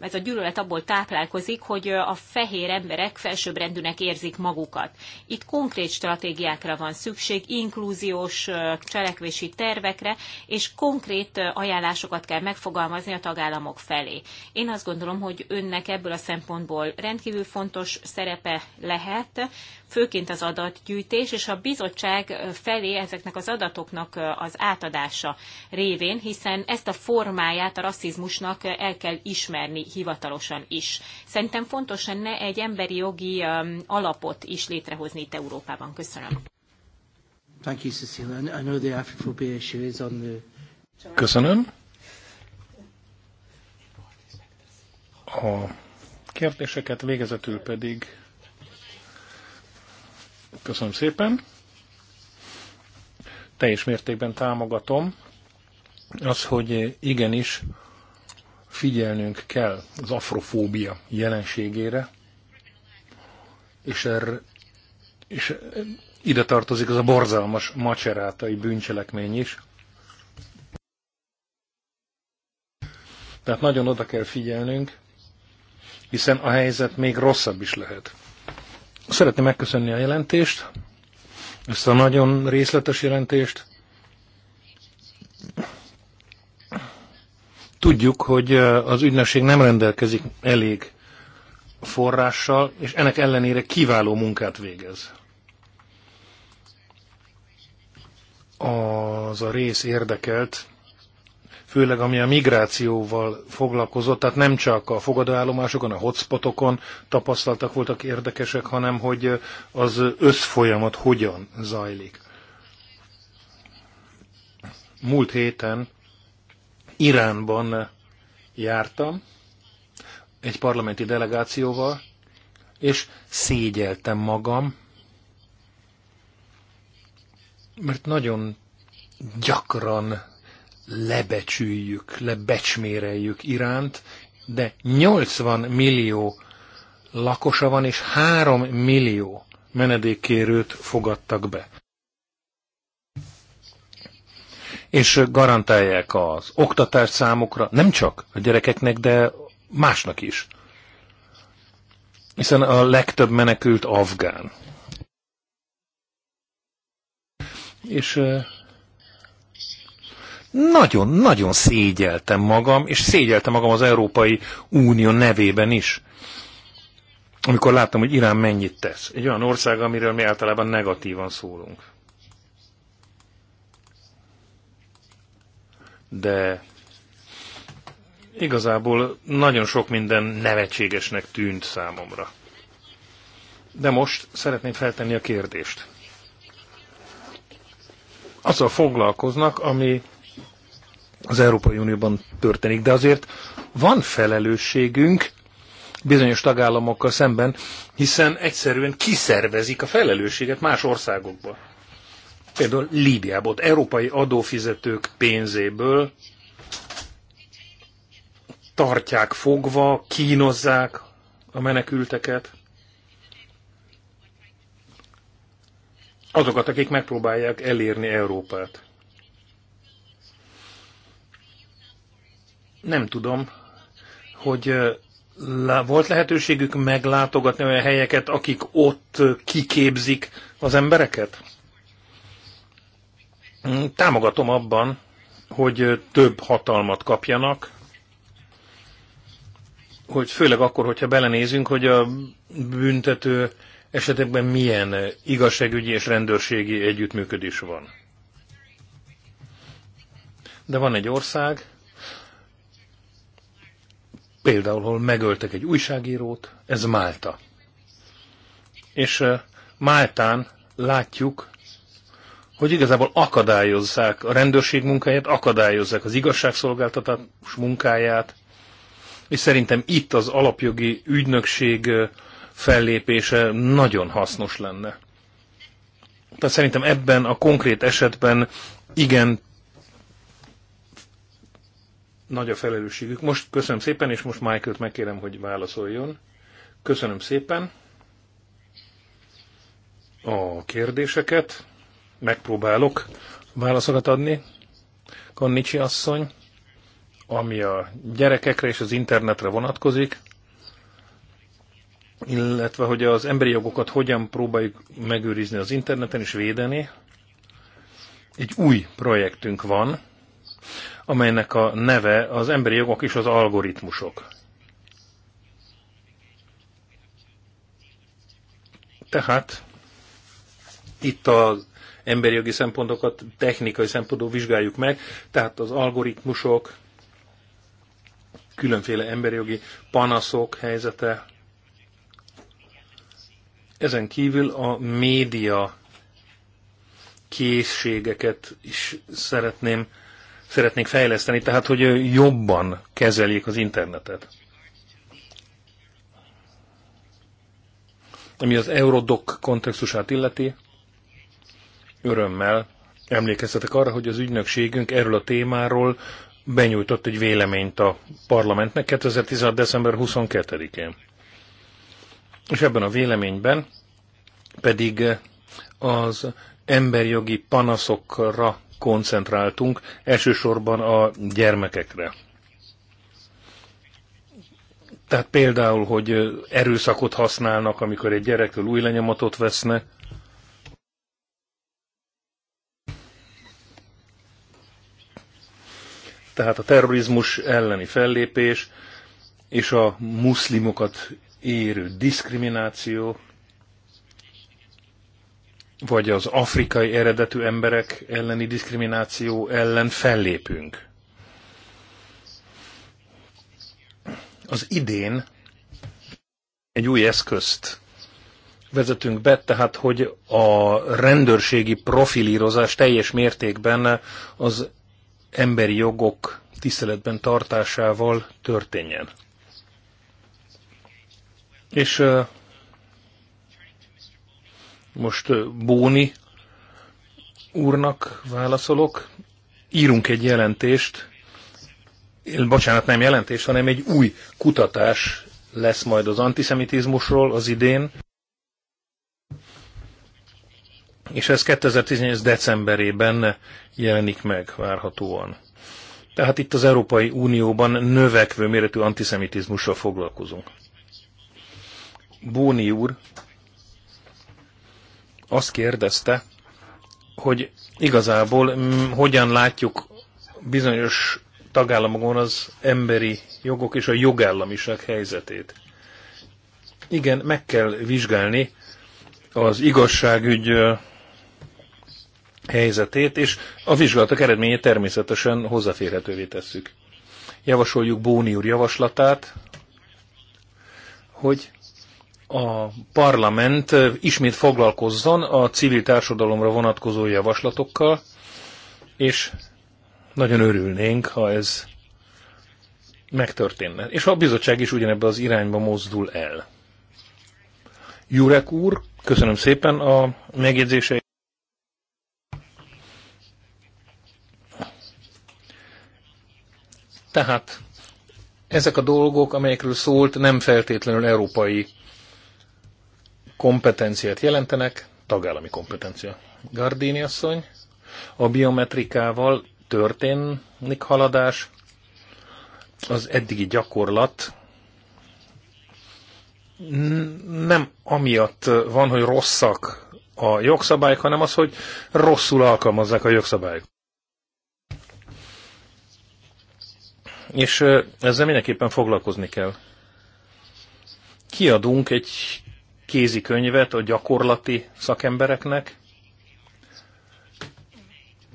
ez a gyűlölet abból táplálkozik, hogy a fehér emberek felsőbbrendűnek érzik magukat. Itt konkrét stratégiákra van szükség, inkluziós cselekvési tervekre, és konkrét ajánlásokat kell megfogalmazni a tagállamok felé. Én azt gondolom, hogy önnek ebből a szempontból rendkívül fontos szerepe lehet, főként az adatgyűjtés és a bizottság felé ezeknek az adatoknak az átadása révén, hiszen ezt a formáját a rasszizmusnak el kell ismerni hivatalosan is. Szerintem fontos lenne egy emberi jogi alapot is létrehozni itt Európában. Köszönöm. Thank you, Cecilia. I know the Afrophobia issue is on the... Köszönöm. A kérdéseket végezetül pedig Köszönöm szépen. Teljes mértékben támogatom az, hogy igenis figyelnünk kell az afrofóbia jelenségére, és, er, és ide tartozik az a borzalmas macserátai bűncselekmény is. Tehát nagyon oda kell figyelnünk, hiszen a helyzet még rosszabb is lehet. Szeretném megköszönni a jelentést, ezt a nagyon részletes jelentést. Tudjuk, hogy az ügynökség nem rendelkezik elég forrással, és ennek ellenére kiváló munkát végez. Az a rész érdekelt, főleg ami a migrációval foglalkozott, tehát nem csak a fogadóállomásokon, a hotspotokon tapasztaltak voltak érdekesek, hanem hogy az összfolyamat hogyan zajlik. Múlt héten Iránban jártam egy parlamenti delegációval, és szégyeltem magam, mert nagyon gyakran lebecsüljük, lebecsméreljük Iránt, de 80 millió lakosa van, és 3 millió menedékkérőt fogadtak be. És garantálják az oktatás számukra, nem csak a gyerekeknek, de másnak is. Hiszen a legtöbb menekült afgán. És eh, nagyon-nagyon szégyeltem magam, és szégyeltem magam az Európai Unió nevében is. Amikor láttam, hogy Irán mennyit tesz. Egy olyan ország, amiről mi általában negatívan szólunk. De igazából nagyon sok minden nevetségesnek tűnt számomra. De most szeretném feltenni a kérdést. Azzal foglalkoznak, ami az Európai Unióban történik, de azért van felelősségünk bizonyos tagállamokkal szemben, hiszen egyszerűen kiszervezik a felelősséget más országokba. Például Líbiából, európai adófizetők pénzéből tartják fogva, kínozzák a menekülteket. Azokat, akik megpróbálják elérni Európát. nem tudom, hogy volt lehetőségük meglátogatni olyan helyeket, akik ott kiképzik az embereket? Mm, támogatom abban, hogy több hatalmat kapjanak, hogy főleg akkor, hogyha belenézünk, hogy a büntető esetekben milyen igazságügyi és rendőrségi együttműködés van. De van egy ország, Például, hol megöltek egy újságírót, ez Málta. És Máltán látjuk, hogy igazából akadályozzák a rendőrség munkáját, akadályozzák az igazságszolgáltatás munkáját, és szerintem itt az alapjogi ügynökség fellépése nagyon hasznos lenne. Tehát szerintem ebben a konkrét esetben igen nagy a felelősségük. Most köszönöm szépen, és most Michael-t megkérem, hogy válaszoljon. Köszönöm szépen a kérdéseket. Megpróbálok válaszokat adni. Konnicsi asszony, ami a gyerekekre és az internetre vonatkozik, illetve hogy az emberi jogokat hogyan próbáljuk megőrizni az interneten és védeni. Egy új projektünk van, amelynek a neve az emberi jogok és az algoritmusok. Tehát itt az emberi jogi szempontokat technikai szempontból vizsgáljuk meg, tehát az algoritmusok, különféle emberi jogi panaszok helyzete. Ezen kívül a média készségeket is szeretném szeretnénk fejleszteni, tehát hogy jobban kezeljék az internetet. Ami az Eurodoc kontextusát illeti, örömmel emlékeztetek arra, hogy az ügynökségünk erről a témáról benyújtott egy véleményt a parlamentnek 2016. december 22-én. És ebben a véleményben pedig az emberjogi panaszokra koncentráltunk, elsősorban a gyermekekre. Tehát például, hogy erőszakot használnak, amikor egy gyerektől új lenyomatot veszne. tehát a terrorizmus elleni fellépés és a muszlimokat érő diszkrimináció, vagy az afrikai eredetű emberek elleni diszkrimináció ellen fellépünk. Az idén egy új eszközt vezetünk be, tehát hogy a rendőrségi profilírozás teljes mértékben az emberi jogok tiszteletben tartásával történjen. És most Bóni úrnak válaszolok. Írunk egy jelentést, bocsánat, nem jelentés, hanem egy új kutatás lesz majd az antiszemitizmusról az idén. És ez 2018. decemberében jelenik meg várhatóan. Tehát itt az Európai Unióban növekvő méretű antiszemitizmussal foglalkozunk. Bóni úr azt kérdezte, hogy igazából hogyan látjuk bizonyos tagállamokon az emberi jogok és a jogállamiság helyzetét. Igen, meg kell vizsgálni az igazságügy helyzetét, és a vizsgálatok eredménye természetesen hozzáférhetővé tesszük. Javasoljuk Bóni úr javaslatát, hogy a parlament ismét foglalkozzon a civil társadalomra vonatkozó javaslatokkal, és nagyon örülnénk, ha ez megtörténne. És a bizottság is ugyanebben az irányba mozdul el. Jurek úr, köszönöm szépen a megjegyzéseit. Tehát ezek a dolgok, amelyekről szólt, nem feltétlenül európai kompetenciát jelentenek, tagállami kompetencia. Gardini asszony, a biometrikával történik haladás, az eddigi gyakorlat nem amiatt van, hogy rosszak a jogszabályok, hanem az, hogy rosszul alkalmazzák a jogszabályok. És ezzel mindenképpen foglalkozni kell. Kiadunk egy kézi könyvet a gyakorlati szakembereknek,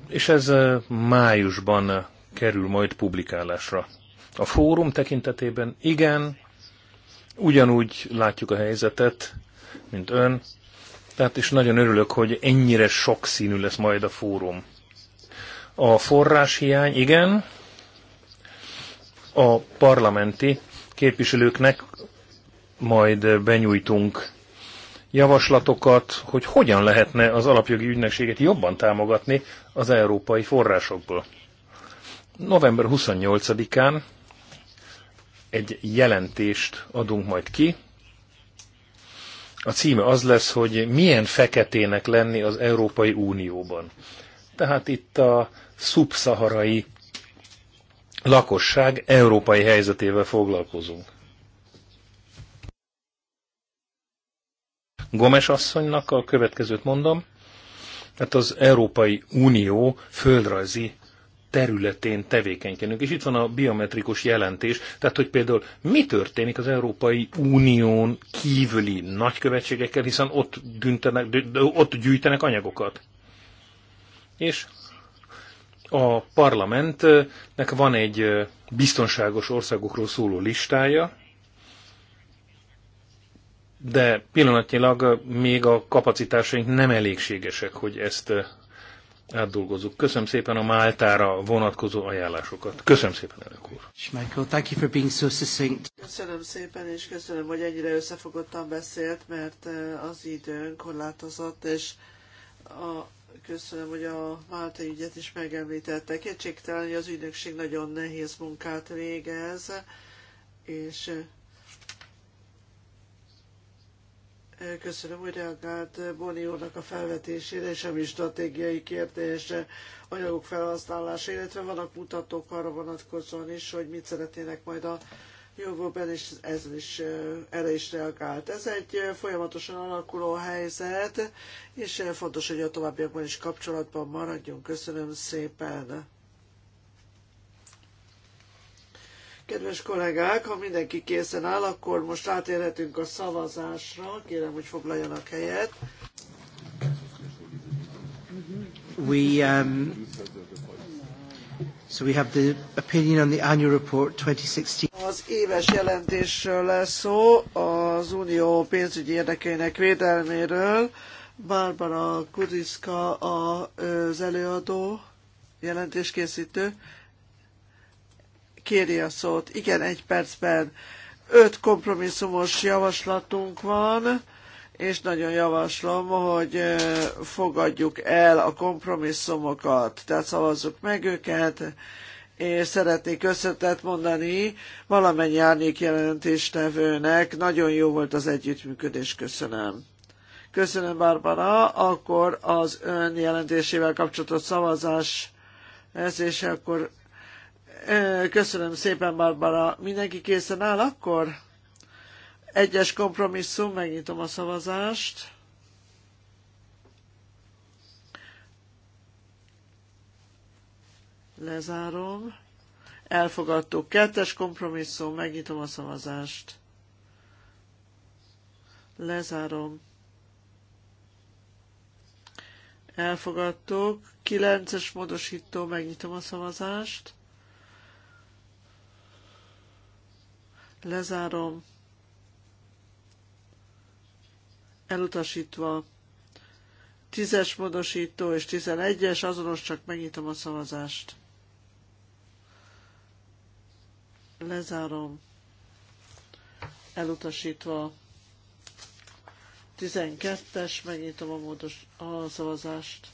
és ez májusban kerül majd publikálásra. A fórum tekintetében igen, ugyanúgy látjuk a helyzetet, mint ön, tehát is nagyon örülök, hogy ennyire sokszínű lesz majd a fórum. A forráshiány, igen, a parlamenti képviselőknek majd benyújtunk javaslatokat, hogy hogyan lehetne az alapjogi ügynökséget jobban támogatni az európai forrásokból. November 28-án egy jelentést adunk majd ki. A címe az lesz, hogy milyen feketének lenni az Európai Unióban. Tehát itt a szubszaharai lakosság európai helyzetével foglalkozunk. Gomes asszonynak a következőt mondom. Hát az Európai Unió földrajzi területén tevékenykedünk. És itt van a biometrikus jelentés, tehát hogy például mi történik az Európai Unión kívüli nagykövetségekkel, hiszen ott, düntenek, ott gyűjtenek anyagokat. És a parlamentnek van egy biztonságos országokról szóló listája, de pillanatnyilag még a kapacitásaink nem elégségesek, hogy ezt eh, átdolgozzuk. Köszönöm szépen a Máltára vonatkozó ajánlásokat. Köszönöm szépen, elnök úr. Michael, thank you for being so succinct. Köszönöm szépen, és köszönöm, hogy ennyire összefogottan beszélt, mert eh, az időn korlátozott, és a, köszönöm, hogy a Málta ügyet is megemlítette. Kétségtelen, hogy az ügynökség nagyon nehéz munkát végez, és eh, Köszönöm, hogy reagált Boni úrnak a felvetésére, és ami stratégiai kérdése, anyagok felhasználása, illetve vannak mutatók arra vonatkozóan is, hogy mit szeretnének majd a jövőben, és ez is, erre is reagált. Ez egy folyamatosan alakuló helyzet, és fontos, hogy a továbbiakban is kapcsolatban maradjunk. Köszönöm szépen! Kedves kollégák, ha mindenki készen áll, akkor most átérhetünk a szavazásra. Kérem, hogy foglaljanak helyet. We, um, so we have the opinion on the annual report 2016. Az éves jelentésről lesz szó, az unió pénzügyi érdekeinek védelméről. Barbara Kudiska az előadó, jelentéskészítő kéri a szót. Igen, egy percben. Öt kompromisszumos javaslatunk van, és nagyon javaslom, hogy fogadjuk el a kompromisszumokat, tehát szavazzuk meg őket, és szeretnék összetett mondani valamennyi árnyék jelentéstevőnek. Nagyon jó volt az együttműködés, köszönöm. Köszönöm, Barbara. Akkor az ön jelentésével kapcsolatos szavazás ez, és akkor Eh, köszönöm szépen, Barbara. Mindenki készen áll akkor? Egyes kompromisszum, megnyitom a szavazást. Lezárom. Elfogadtuk. Kettes kompromisszum, megnyitom a szavazást. Lezárom. Elfogadtuk. Kilences módosító, megnyitom a szavazást. Lezárom. Elutasítva. Tízes módosító és tizenegyes, azonos csak megnyitom a szavazást. Lezárom. Elutasítva. Tizenkettes megnyitom a, módos, a szavazást.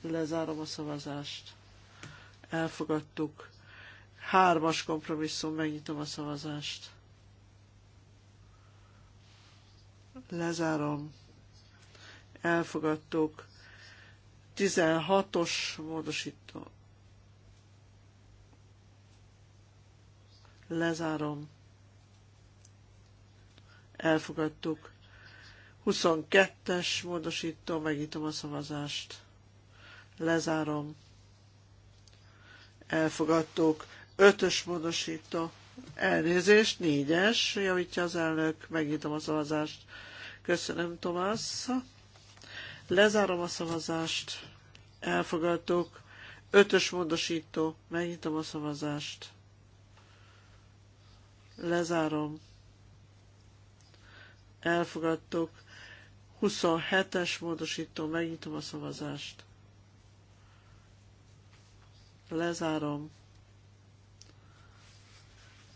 Lezárom a szavazást. Elfogadtuk. Hármas kompromisszum, megnyitom a szavazást. Lezárom. Elfogadtuk. 16-os módosító. Lezárom. Elfogadtuk. 22-es módosító, megnyitom a szavazást. Lezárom. Elfogadtuk. Ötös módosító. Elnézést, négyes, javítja az elnök, megnyitom a szavazást. Köszönöm, Tomasz. Lezárom a szavazást. Elfogadtuk. Ötös módosító. Megnyitom a szavazást. Lezárom. Elfogadtuk. 27-es módosító. Megnyitom a szavazást. Lezárom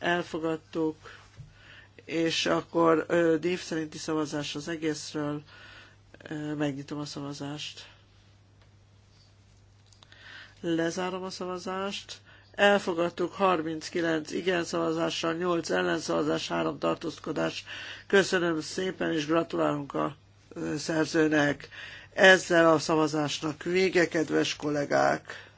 elfogadtuk, és akkor név szerinti szavazás az egészről. Megnyitom a szavazást. Lezárom a szavazást. Elfogadtuk 39 igen szavazással, 8 ellenszavazás, 3 tartózkodás. Köszönöm szépen, és gratulálunk a szerzőnek. Ezzel a szavazásnak vége, kedves kollégák!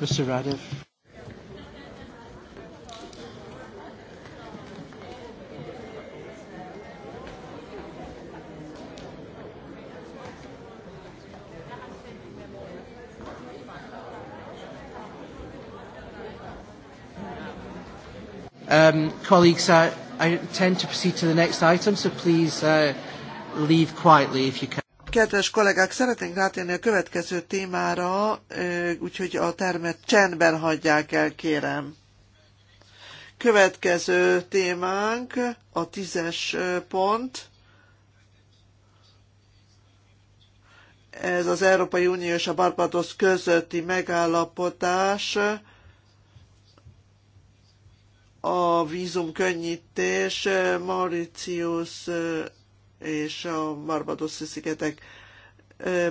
Mr. Radev. Um, colleagues, I, I intend to proceed to the next item, so please uh, leave quietly if you can. Kedves kollégák, szeretnénk rátérni a következő témára, úgyhogy a termet csendben hagyják el, kérem. Következő témánk a tízes pont. Ez az Európai Unió és a Barbados közötti megállapodás a vízumkönnyítés Mauritius és a Barbadoszi szigetek.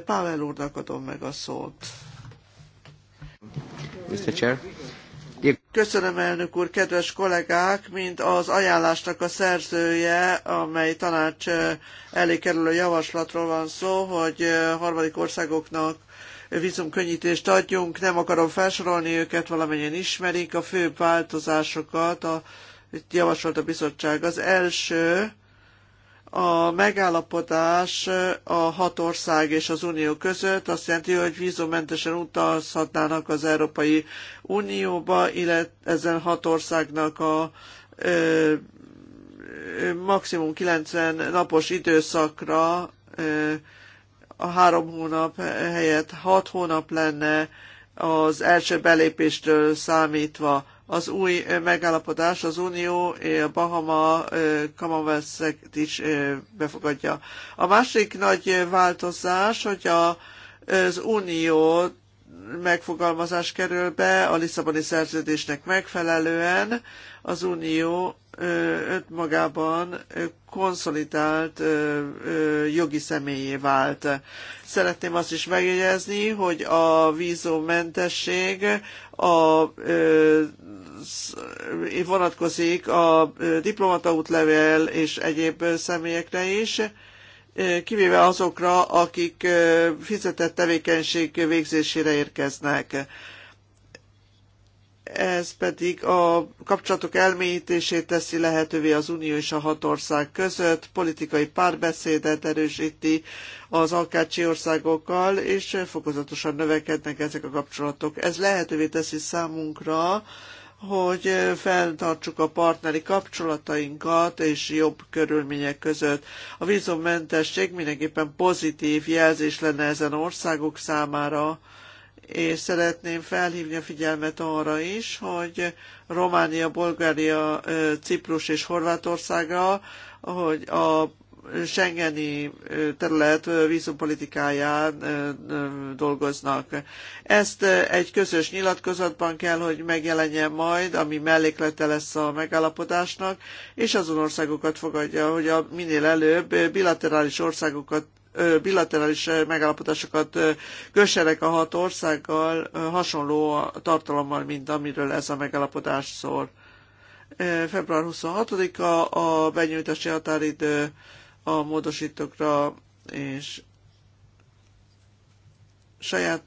Pavel úrnak adom meg a szót. Mr. Chair. Köszönöm, elnök úr, kedves kollégák, mint az ajánlásnak a szerzője, amely tanács elé kerülő javaslatról van szó, hogy harmadik országoknak vízumkönnyítést adjunk. Nem akarom felsorolni őket, valamennyien ismerik a fő változásokat, a, javasolt a bizottság. Az első, a megállapodás a hat ország és az Unió között azt jelenti, hogy vízumentesen utazhatnának az Európai Unióba, illetve ezen hat országnak a ö, maximum 90 napos időszakra ö, a három hónap helyett hat hónap lenne az első belépéstől számítva az új megállapodás az Unió, a Bahama, Commonwealth is befogadja. A másik nagy változás, hogy a, az Unió megfogalmazás kerül be a Lisszaboni szerződésnek megfelelően, az Unió önmagában konszolidált ö, ö, jogi személyé vált. Szeretném azt is megjegyezni, hogy a vízómentesség a, ö, vonatkozik a diplomata útlevél és egyéb személyekre is, kivéve azokra, akik fizetett tevékenység végzésére érkeznek ez pedig a kapcsolatok elmélyítését teszi lehetővé az Unió és a hat ország között, politikai párbeszédet erősíti az alkácsi országokkal, és fokozatosan növekednek ezek a kapcsolatok. Ez lehetővé teszi számunkra, hogy fenntartsuk a partneri kapcsolatainkat és jobb körülmények között. A vízummentesség mindenképpen pozitív jelzés lenne ezen országok számára, és szeretném felhívni a figyelmet arra is, hogy Románia, Bulgária, Ciprus és Horvátországra, hogy a Schengeni terület vízumpolitikáján dolgoznak. Ezt egy közös nyilatkozatban kell, hogy megjelenjen majd, ami melléklete lesz a megállapodásnak, és azon országokat fogadja, hogy a minél előbb bilaterális országokat bilaterális megállapodásokat kössenek a hat országgal hasonló tartalommal, mint amiről ez a megállapodás szól. Február 26-a a benyújtási határidő a módosítókra, és saját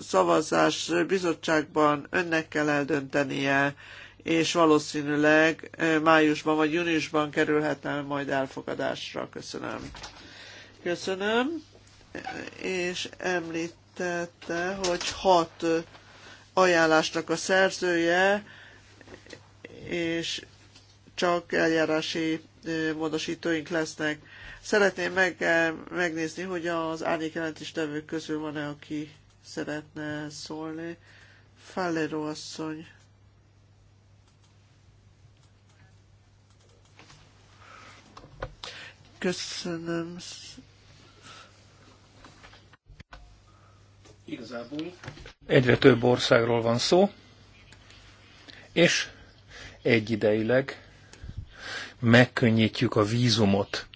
szavazás bizottságban önnek kell eldöntenie, és valószínűleg májusban vagy júniusban kerülhetne majd elfogadásra. Köszönöm. Köszönöm, és említette, hogy hat ajánlásnak a szerzője, és csak eljárási módosítóink lesznek. Szeretném meg, megnézni, hogy az árnyék tevők közül van-e, aki szeretne szólni. Fallero asszony. Köszönöm Igazából egyre több országról van szó, és egyidejileg megkönnyítjük a vízumot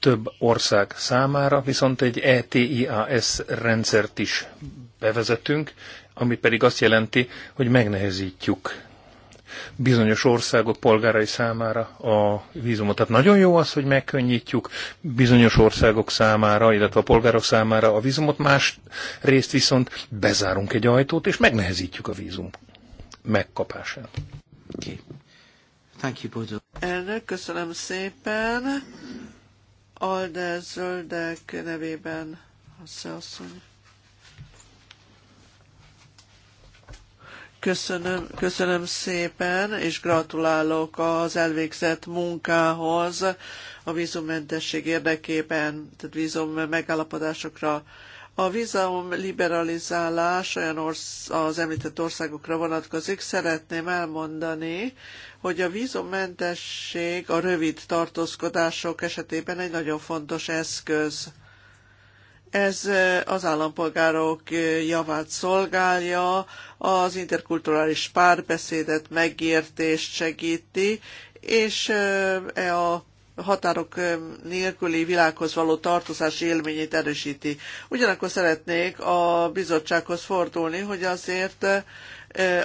több ország számára, viszont egy ETIAS rendszert is bevezetünk, ami pedig azt jelenti, hogy megnehezítjük bizonyos országok polgárai számára a vízumot. Tehát nagyon jó az, hogy megkönnyítjük bizonyos országok számára, illetve a polgárok számára a vízumot, más részt viszont bezárunk egy ajtót, és megnehezítjük a vízum megkapását. Okay. Thank you, Bodo. Elnök, köszönöm szépen. Alde Zöldek nevében, szelszony. Köszönöm, köszönöm szépen, és gratulálok az elvégzett munkához a vízummentesség érdekében, tehát vízum megállapodásokra. A vízum liberalizálás olyan orsz, az említett országokra vonatkozik. Szeretném elmondani, hogy a vízummentesség a rövid tartózkodások esetében egy nagyon fontos eszköz ez az állampolgárok javát szolgálja, az interkulturális párbeszédet, megértést segíti, és e a határok nélküli világhoz való tartozás élményét erősíti. Ugyanakkor szeretnék a bizottsághoz fordulni, hogy azért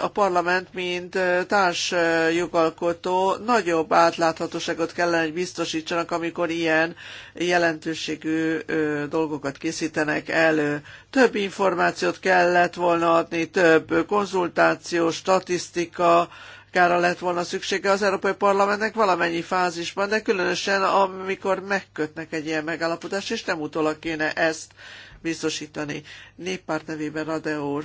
a parlament, mint társ jogalkotó nagyobb átláthatóságot kellene, hogy biztosítsanak, amikor ilyen jelentőségű dolgokat készítenek elő. Több információt kellett volna adni, több konzultáció, statisztika, munkára lett volna szüksége az Európai Parlamentnek valamennyi fázisban, de különösen amikor megkötnek egy ilyen megállapodást, és nem utólag kéne ezt biztosítani. Néppárt nevében Rade úr.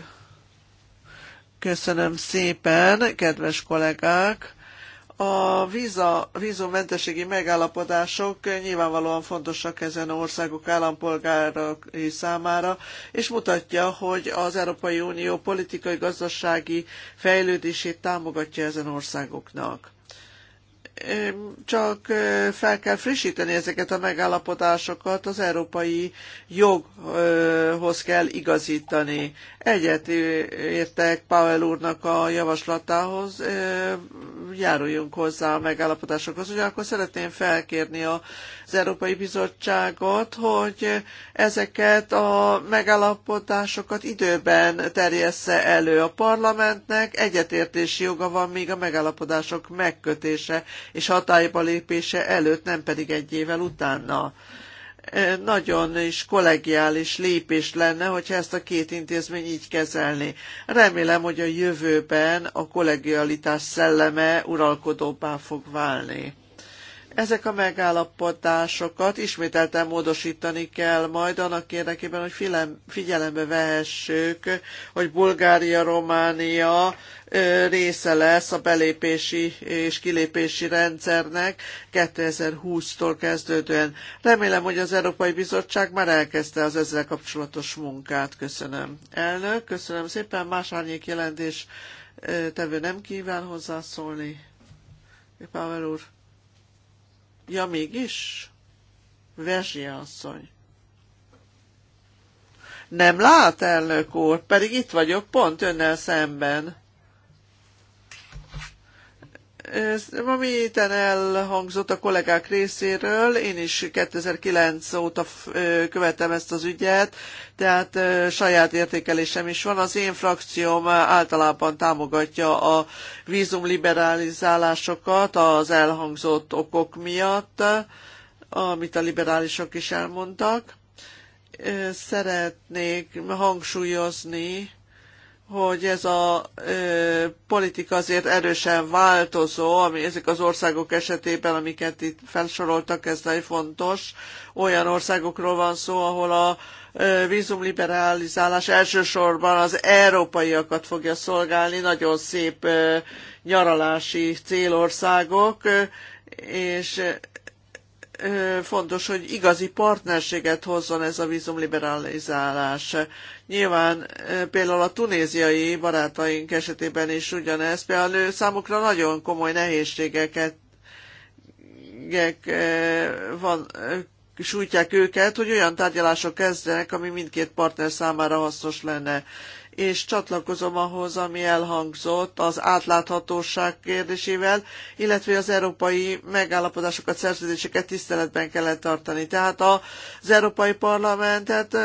Köszönöm szépen, kedves kollégák! A víza, vízummentességi megállapodások nyilvánvalóan fontosak ezen országok állampolgárai számára, és mutatja, hogy az Európai Unió politikai-gazdasági fejlődését támogatja ezen országoknak csak fel kell frissíteni ezeket a megállapodásokat, az európai joghoz kell igazítani. Egyet értek Powell úrnak a javaslatához, járuljunk hozzá a megállapodásokhoz. Ugyanakkor szeretném felkérni az Európai Bizottságot, hogy ezeket a megállapodásokat időben terjessze elő a parlamentnek, egyetértési joga van még a megállapodások megkötése és hatályba lépése előtt, nem pedig egy évvel utána nagyon is kollegiális lépés lenne, hogyha ezt a két intézmény így kezelni. Remélem, hogy a jövőben a kollegialitás szelleme uralkodóbbá fog válni. Ezek a megállapodásokat ismételten módosítani kell majd annak érdekében, hogy figyelembe vehessük, hogy Bulgária, Románia része lesz a belépési és kilépési rendszernek 2020-tól kezdődően. Remélem, hogy az Európai Bizottság már elkezdte az ezzel kapcsolatos munkát. Köszönöm. Elnök, köszönöm szépen. Más árnyék jelentés tevő nem kíván hozzászólni. Pavel úr. Ja, mégis? Vezsi asszony. Nem lát, elnök úr, pedig itt vagyok pont önnel szemben. Ez, ami itt elhangzott a kollégák részéről, én is 2009 óta követem ezt az ügyet, tehát saját értékelésem is van. Az én frakcióm általában támogatja a vízum liberalizálásokat az elhangzott okok miatt, amit a liberálisok is elmondtak. Szeretnék hangsúlyozni, hogy ez a ö, politika azért erősen változó, ami ezek az országok esetében, amiket itt felsoroltak, ez nagyon fontos. Olyan országokról van szó, ahol a ö, vízumliberalizálás elsősorban az európaiakat fogja szolgálni, nagyon szép ö, nyaralási célországok, ö, és fontos, hogy igazi partnerséget hozzon ez a vízumliberalizálás. Nyilván például a tunéziai barátaink esetében is ugyanez, például ő számukra nagyon komoly nehézségeket van, sújtják őket, hogy olyan tárgyalások kezdenek, ami mindkét partner számára hasznos lenne és csatlakozom ahhoz, ami elhangzott az átláthatóság kérdésével, illetve az európai megállapodásokat, szerződéseket tiszteletben kellett tartani. Tehát az Európai Parlamentet,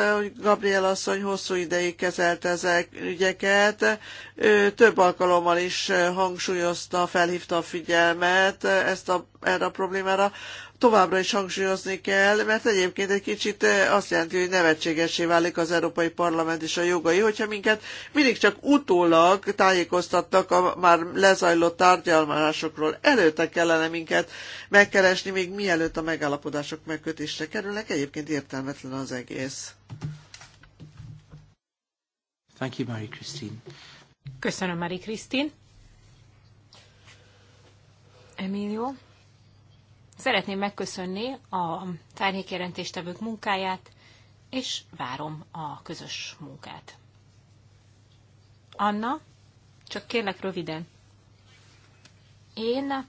Gabriel asszony hosszú ideig kezelt ezek ügyeket, ő több alkalommal is hangsúlyozta, felhívta a figyelmet ezt a, erre a problémára továbbra is hangsúlyozni kell, mert egyébként egy kicsit eh, azt jelenti, hogy nevetségesé válik az Európai Parlament és a jogai, hogyha minket mindig csak utólag tájékoztattak a már lezajlott tárgyalmásokról. Előtte kellene minket megkeresni, még mielőtt a megállapodások megkötésre kerülnek. Egyébként értelmetlen az egész. Thank you, Marie Christine. Köszönöm, Marie Christine. Emilio. Szeretném megköszönni a tárnyékjelentéstevők munkáját, és várom a közös munkát. Anna, csak kérlek röviden. Én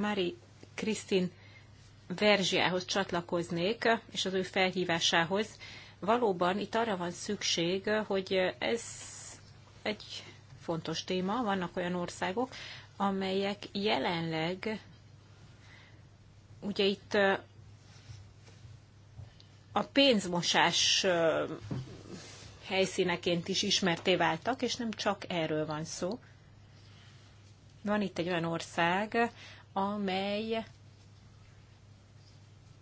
Mari Krisztin Verzsiához csatlakoznék, és az ő felhívásához. Valóban itt arra van szükség, hogy ez egy fontos téma, vannak olyan országok, amelyek jelenleg, ugye itt a pénzmosás helyszíneként is ismerté váltak, és nem csak erről van szó. Van itt egy olyan ország, amely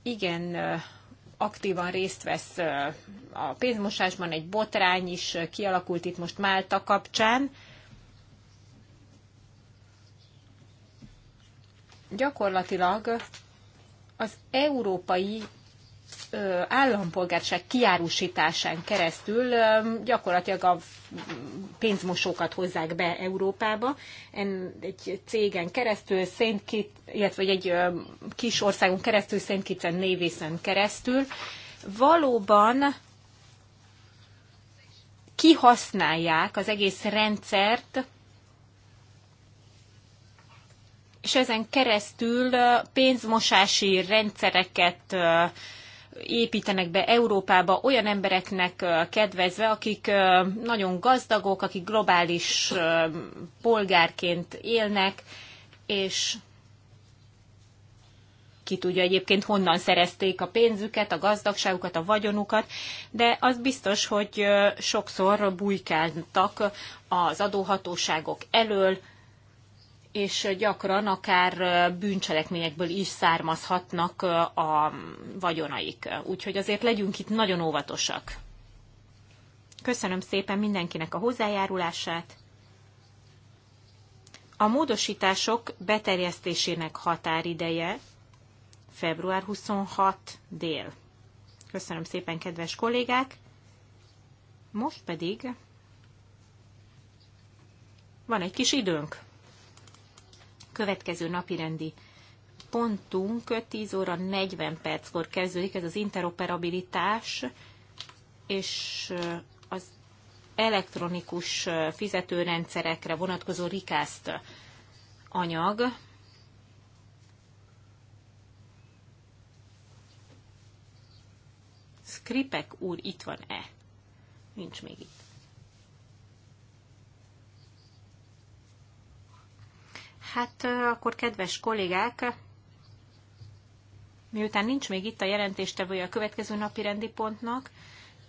igen aktívan részt vesz a pénzmosásban, egy botrány is kialakult itt most Málta kapcsán, gyakorlatilag az európai állampolgárság kiárusításán keresztül gyakorlatilag a pénzmosókat hozzák be Európába. En, egy cégen keresztül, Saint Kit, illetve egy kis országon keresztül, Szent Kitts névészen keresztül valóban kihasználják az egész rendszert és ezen keresztül pénzmosási rendszereket építenek be Európába olyan embereknek kedvezve, akik nagyon gazdagok, akik globális polgárként élnek, és ki tudja egyébként honnan szerezték a pénzüket, a gazdagságukat, a vagyonukat, de az biztos, hogy sokszor bujkáltak az adóhatóságok elől, és gyakran akár bűncselekményekből is származhatnak a vagyonaik. Úgyhogy azért legyünk itt nagyon óvatosak. Köszönöm szépen mindenkinek a hozzájárulását. A módosítások beterjesztésének határideje február 26 dél. Köszönöm szépen, kedves kollégák! Most pedig van egy kis időnk következő napirendi pontunk 10 óra 40 perckor kezdődik, ez az interoperabilitás, és az elektronikus fizetőrendszerekre vonatkozó rikázt anyag. Skripek úr itt van-e? Nincs még itt. Hát akkor, kedves kollégák, miután nincs még itt a jelentéstevője a következő napi rendi pontnak,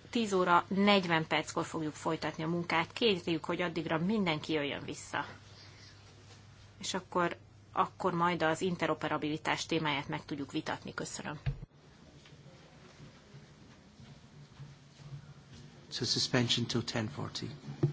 10 óra 40 perckor fogjuk folytatni a munkát. Kérjük, hogy addigra mindenki jöjjön vissza. És akkor, akkor majd az interoperabilitás témáját meg tudjuk vitatni. Köszönöm. So suspension till 10.40.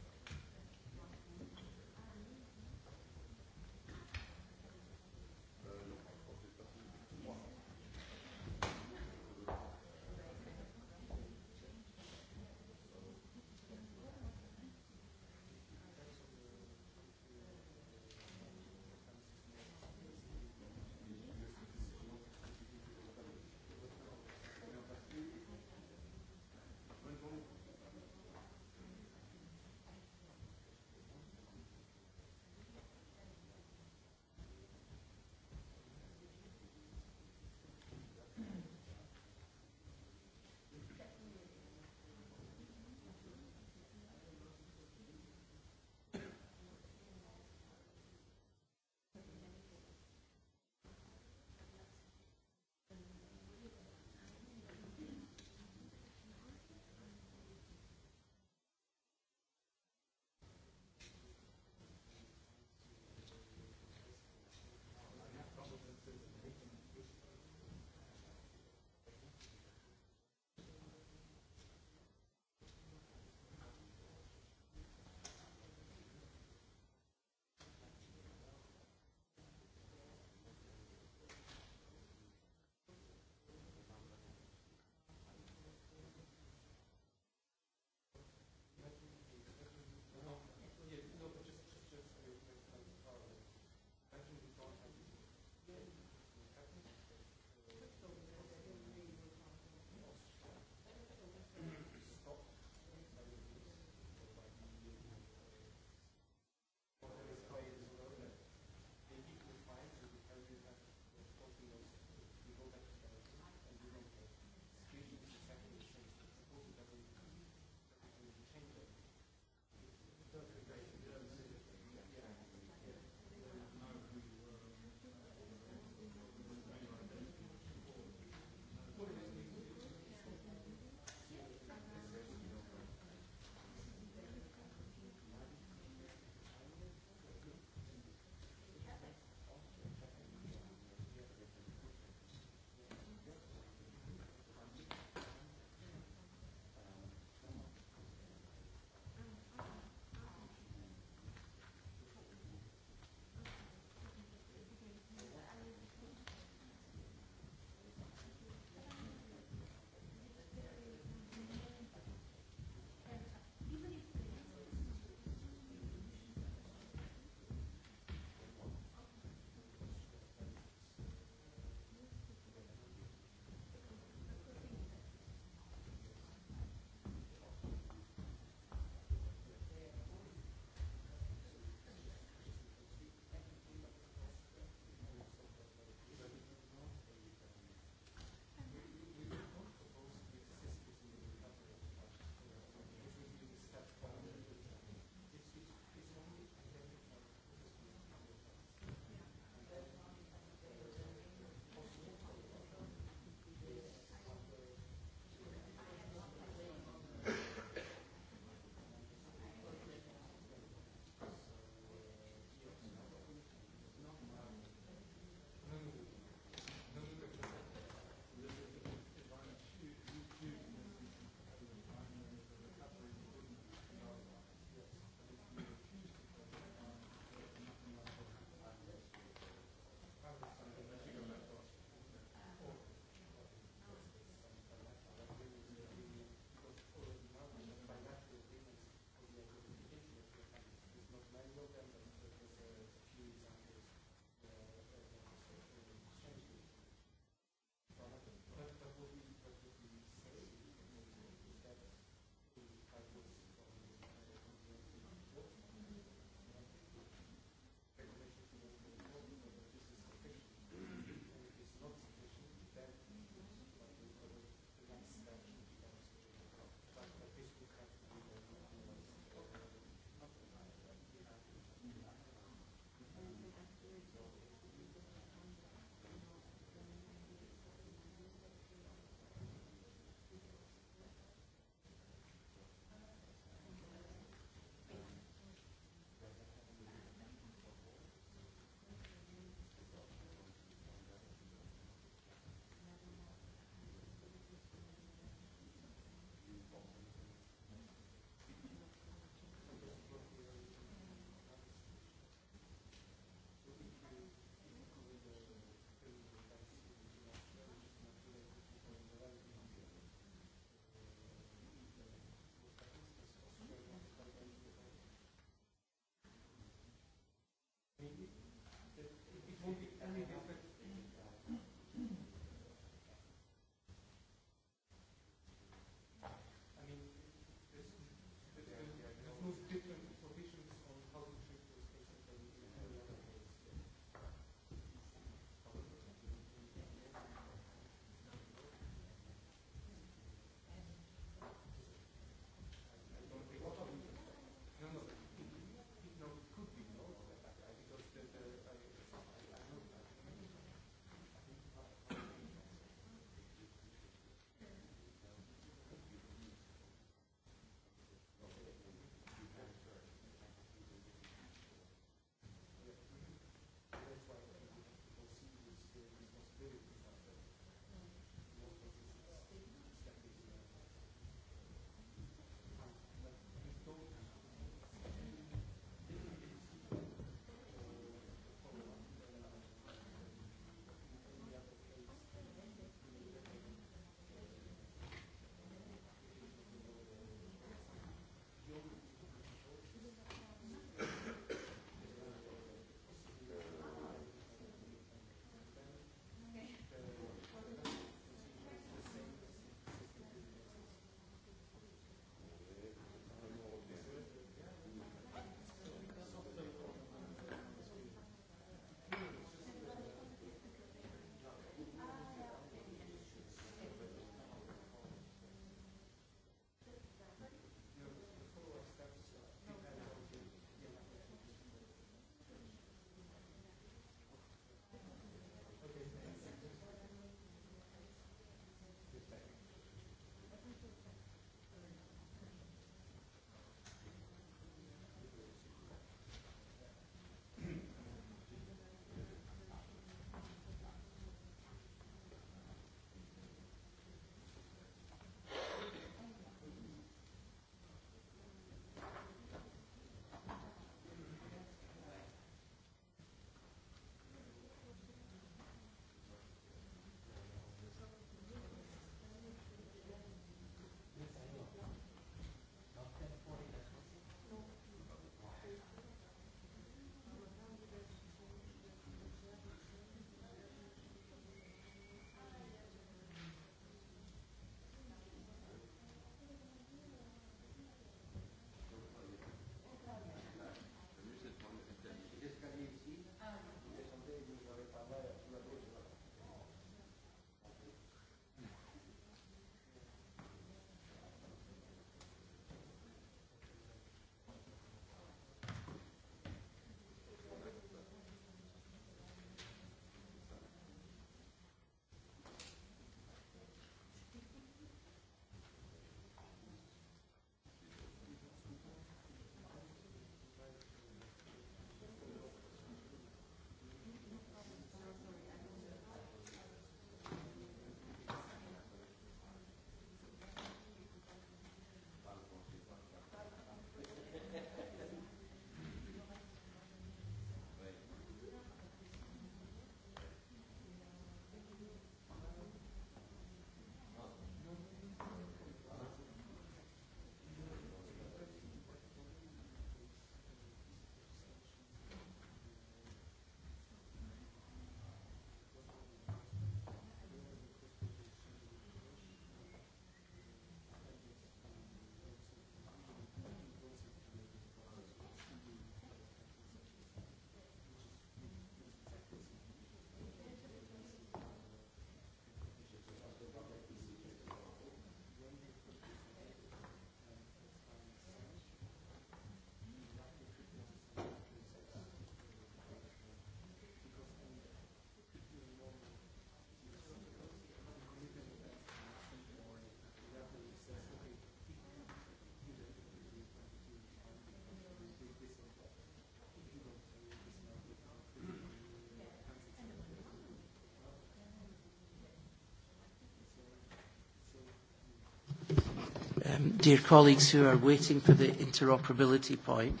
Um, dear colleagues who are waiting for the interoperability point.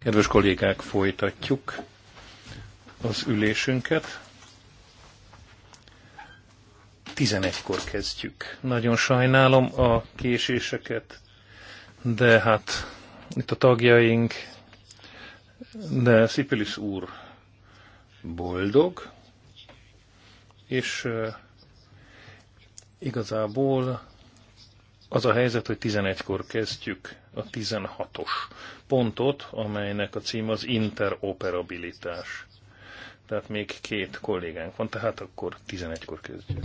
Kedves kollégák, folytatjuk az ülésünket. 11-kor kezdjük. Nagyon sajnálom a késéseket, de hát itt a tagjaink, de Szipilis úr boldog, és uh, igazából az a helyzet, hogy 11-kor kezdjük a 16-os pontot, amelynek a cím az interoperabilitás. Tehát még két kollégánk van, tehát akkor 11-kor kezdjük.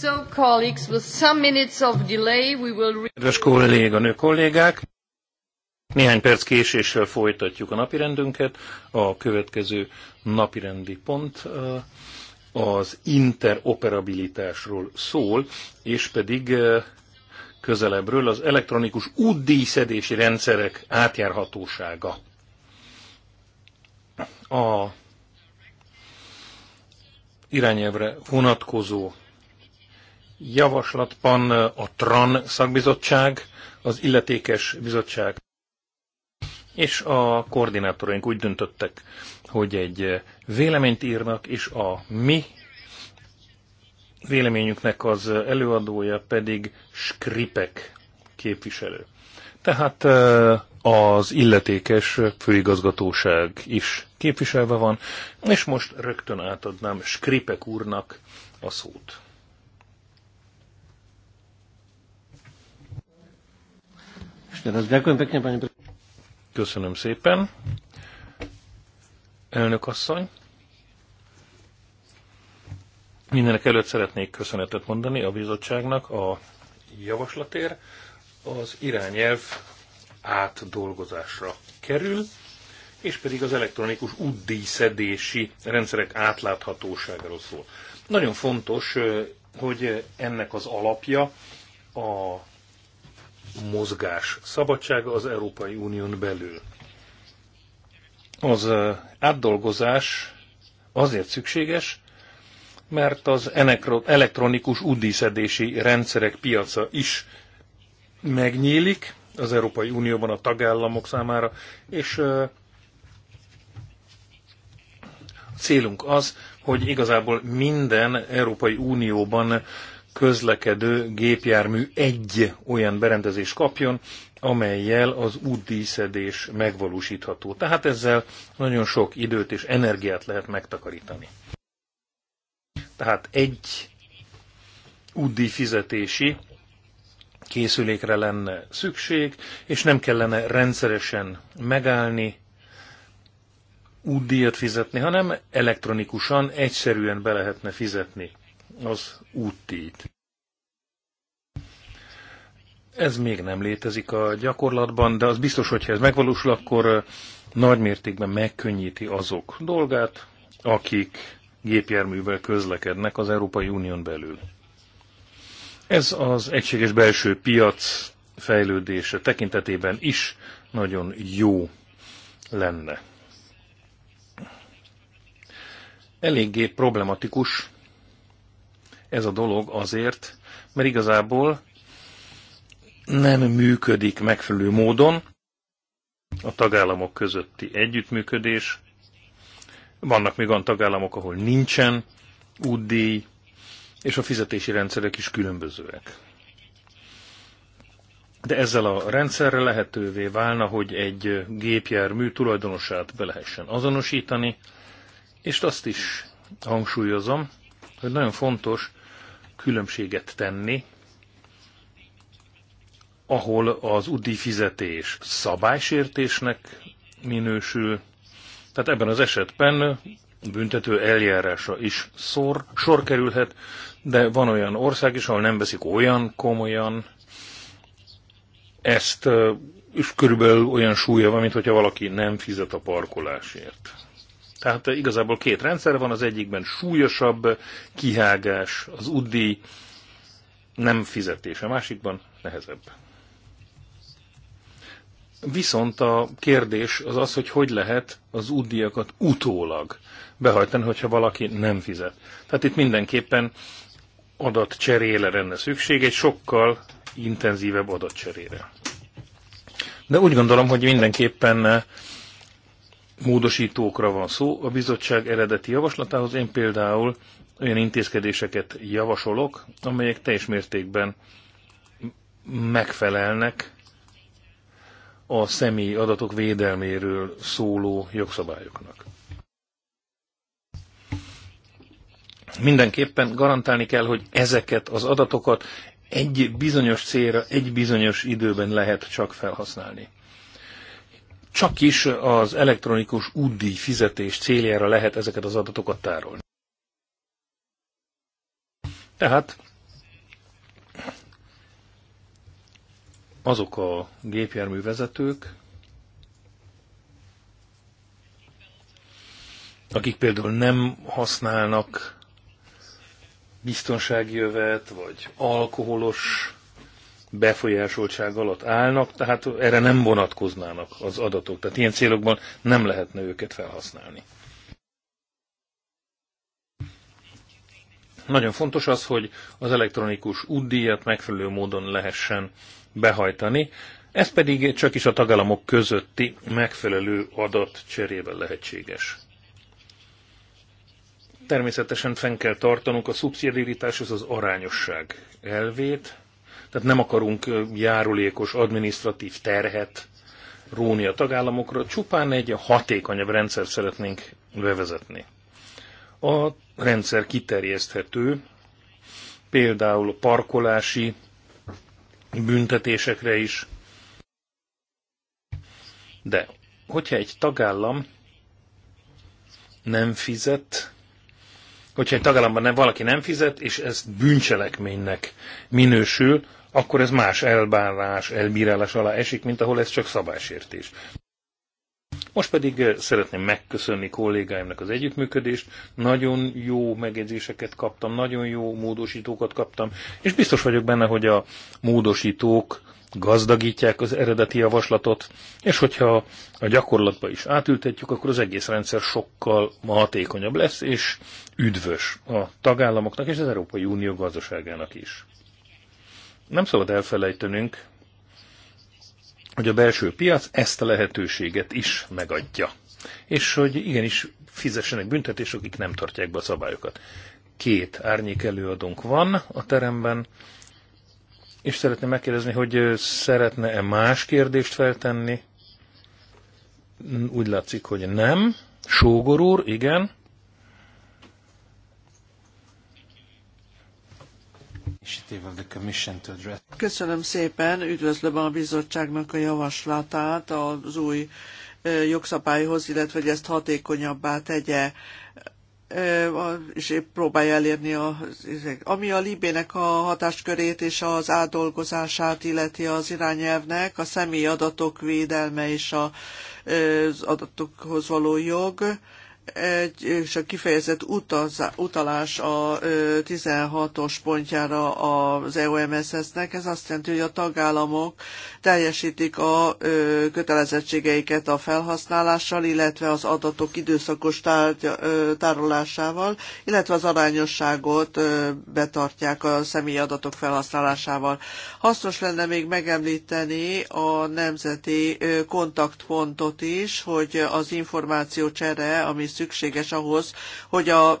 So, colleagues, with some minutes of delay, we will... Kedves kolléganő kollégák, néhány perc késéssel folytatjuk a napirendünket. A következő napirendi pont az interoperabilitásról szól, és pedig közelebbről az elektronikus útdíjszedési rendszerek átjárhatósága. A irányelvre vonatkozó javaslatban a TRAN szakbizottság, az illetékes bizottság és a koordinátoraink úgy döntöttek, hogy egy véleményt írnak, és a mi véleményüknek az előadója pedig Skripek képviselő. Tehát az illetékes főigazgatóság is képviselve van, és most rögtön átadnám Skripek úrnak a szót. Köszönöm szépen. Elnök asszony. Mindenek előtt szeretnék köszönetet mondani a bizottságnak a javaslatért. Az irányelv átdolgozásra kerül, és pedig az elektronikus útdíjszedési rendszerek átláthatóságáról szól. Nagyon fontos, hogy ennek az alapja a mozgás szabadsága az Európai Unión belül. Az átdolgozás azért szükséges, mert az elektronikus údíszedési rendszerek piaca is megnyílik az Európai Unióban a tagállamok számára, és célunk az, hogy igazából minden Európai Unióban közlekedő gépjármű egy olyan berendezést kapjon, amelyel az útdíszedés megvalósítható. Tehát ezzel nagyon sok időt és energiát lehet megtakarítani. Tehát egy útdíj fizetési készülékre lenne szükség, és nem kellene rendszeresen megállni, útdíjat fizetni, hanem elektronikusan, egyszerűen be lehetne fizetni az útdíjt. Ez még nem létezik a gyakorlatban, de az biztos, hogyha ez megvalósul, akkor nagymértékben megkönnyíti azok dolgát, akik gépjárművel közlekednek az Európai Unión belül. Ez az egységes belső piac fejlődése tekintetében is nagyon jó lenne. Eléggé problematikus ez a dolog azért, mert igazából nem működik megfelelő módon a tagállamok közötti együttműködés. Vannak még olyan tagállamok, ahol nincsen útdíj, és a fizetési rendszerek is különbözőek. De ezzel a rendszerrel lehetővé válna, hogy egy gépjármű tulajdonosát be lehessen azonosítani, és azt is hangsúlyozom, hogy nagyon fontos különbséget tenni, ahol az UDI fizetés szabálysértésnek minősül, tehát ebben az esetben büntető eljárása is szor, sor kerülhet, de van olyan ország is, ahol nem veszik olyan komolyan ezt, és körülbelül olyan súlya van, mint hogyha valaki nem fizet a parkolásért. Tehát igazából két rendszer van, az egyikben súlyosabb kihágás, az UDI nem fizetés, a másikban nehezebb. Viszont a kérdés az az, hogy hogy lehet az útdiakat utólag behajtani, hogyha valaki nem fizet. Tehát itt mindenképpen adatcserére lenne szükség, egy sokkal intenzívebb adatcserére. De úgy gondolom, hogy mindenképpen módosítókra van szó a bizottság eredeti javaslatához. Én például olyan intézkedéseket javasolok, amelyek teljes mértékben megfelelnek a személyi adatok védelméről szóló jogszabályoknak. Mindenképpen garantálni kell, hogy ezeket az adatokat egy bizonyos célra, egy bizonyos időben lehet csak felhasználni csak is az elektronikus útdíj fizetés céljára lehet ezeket az adatokat tárolni. Tehát azok a gépjárművezetők, akik például nem használnak biztonsági jövet, vagy alkoholos befolyásoltság alatt állnak, tehát erre nem vonatkoznának az adatok. Tehát ilyen célokban nem lehetne őket felhasználni. Nagyon fontos az, hogy az elektronikus útdíjat megfelelő módon lehessen behajtani, ez pedig csak is a tagállamok közötti megfelelő adat cserével lehetséges. Természetesen fenn kell tartanunk a szubszidiaritáshoz az arányosság elvét, tehát nem akarunk járulékos administratív terhet róni a tagállamokra, csupán egy hatékonyabb rendszer szeretnénk bevezetni. A rendszer kiterjeszthető, például a parkolási büntetésekre is. De hogyha egy tagállam nem fizet, hogyha egy tagállamban nem, valaki nem fizet, és ezt bűncselekménynek minősül, akkor ez más elbánás, elbírálás alá esik, mint ahol ez csak szabásértés. Most pedig eh, szeretném megköszönni kollégáimnak az együttműködést, nagyon jó megjegyzéseket kaptam, nagyon jó módosítókat kaptam, és biztos vagyok benne, hogy a módosítók gazdagítják az eredeti javaslatot, és hogyha a gyakorlatba is átültetjük, akkor az egész rendszer sokkal hatékonyabb lesz, és üdvös a tagállamoknak és az Európai Unió gazdaságának is nem szabad elfelejtenünk, hogy a belső piac ezt a lehetőséget is megadja. És hogy igenis fizessenek büntetés, akik nem tartják be a szabályokat. Két árnyék előadónk van a teremben, és szeretném megkérdezni, hogy szeretne-e más kérdést feltenni? Úgy látszik, hogy nem. Sógor úr, igen. Köszönöm szépen, üdvözlöm a bizottságnak a javaslatát az új jogszabályhoz, illetve hogy ezt hatékonyabbá tegye és épp próbálja elérni a, ami a libének a hatáskörét és az átdolgozását illeti az irányelvnek, a személyi adatok védelme és az adatokhoz való jog egy, és a kifejezett utazá, utalás a 16-os pontjára az EOMSS-nek, ez azt jelenti, hogy a tagállamok teljesítik a kötelezettségeiket a felhasználással, illetve az adatok időszakos tárgy, tárolásával, illetve az arányosságot betartják a személyi adatok felhasználásával. Hasznos lenne még megemlíteni a nemzeti kontaktpontot is, hogy az információ csere, ami szükséges ahhoz, hogy a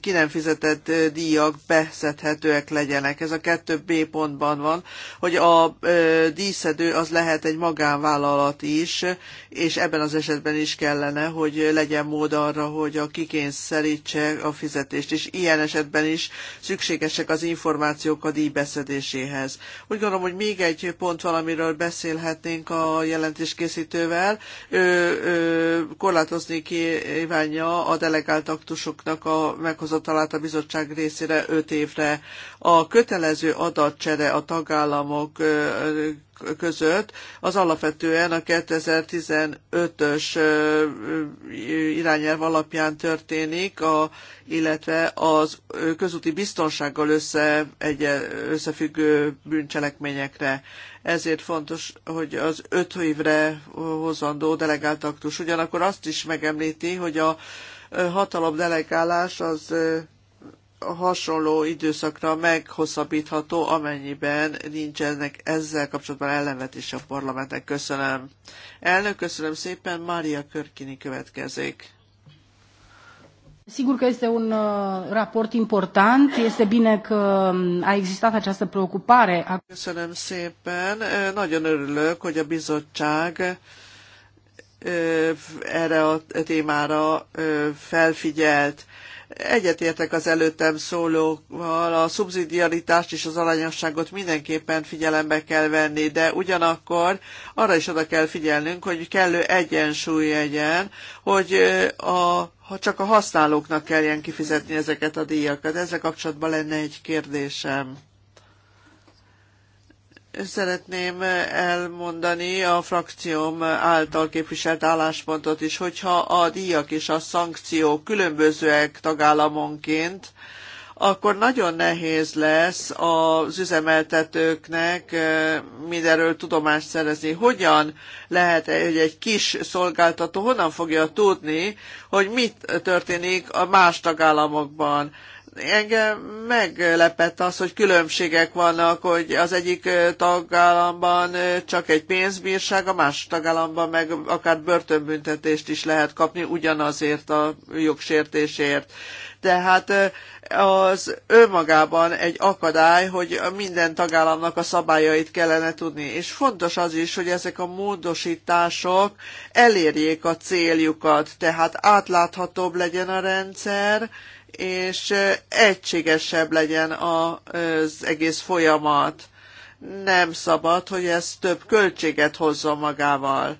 ki nem fizetett díjak beszedhetőek legyenek. Ez a 2B pontban van, hogy a díszedő az lehet egy magánvállalat is, és ebben az esetben is kellene, hogy legyen mód arra, hogy a kikényszerítse a fizetést, és ilyen esetben is szükségesek az információk a díjbeszedéséhez. Úgy gondolom, hogy még egy pont valamiről beszélhetnénk a jelentéskészítővel. Ő, ő korlátozni kívánok aránya a delegált aktusoknak a meghozatalát a bizottság részére öt évre. A kötelező adatcsere a tagállamok között, az alapvetően a 2015-ös irányelv alapján történik, a, illetve az közúti biztonsággal össze, egy, összefüggő bűncselekményekre. Ezért fontos, hogy az öt évre hozandó delegált aktus. Ugyanakkor azt is megemlíti, hogy a hatalom delegálás az hasonló időszakra meghosszabbítható, amennyiben nincsenek ezzel kapcsolatban ellenvetése a parlamentnek. Köszönöm. Elnök, köszönöm szépen. Mária Körkini következik. Sigur că este un uh, raport important. Este bine că um, a existat această preocupare. Köszönöm szépen. Nagyon örülök, hogy a bizottság erre a témára felfigyelt egyetértek az előttem szólóval, a szubszidiaritást és az alanyosságot mindenképpen figyelembe kell venni, de ugyanakkor arra is oda kell figyelnünk, hogy kellő egyensúly legyen, hogy a, ha csak a használóknak kelljen kifizetni ezeket a díjakat. Ezzel kapcsolatban lenne egy kérdésem. Szeretném elmondani a frakcióm által képviselt álláspontot is, hogyha a díjak és a szankciók különbözőek tagállamonként, akkor nagyon nehéz lesz az üzemeltetőknek eh, mindenről tudomást szerezni. Hogyan lehet, eh, hogy egy kis szolgáltató honnan fogja tudni, hogy mit történik a más tagállamokban? engem meglepett az, hogy különbségek vannak, hogy az egyik tagállamban csak egy pénzbírság, a más tagállamban meg akár börtönbüntetést is lehet kapni ugyanazért a jogsértésért. Tehát az önmagában egy akadály, hogy minden tagállamnak a szabályait kellene tudni. És fontos az is, hogy ezek a módosítások elérjék a céljukat, tehát átláthatóbb legyen a rendszer, és egységesebb legyen az egész folyamat. Nem szabad, hogy ez több költséget hozzon magával.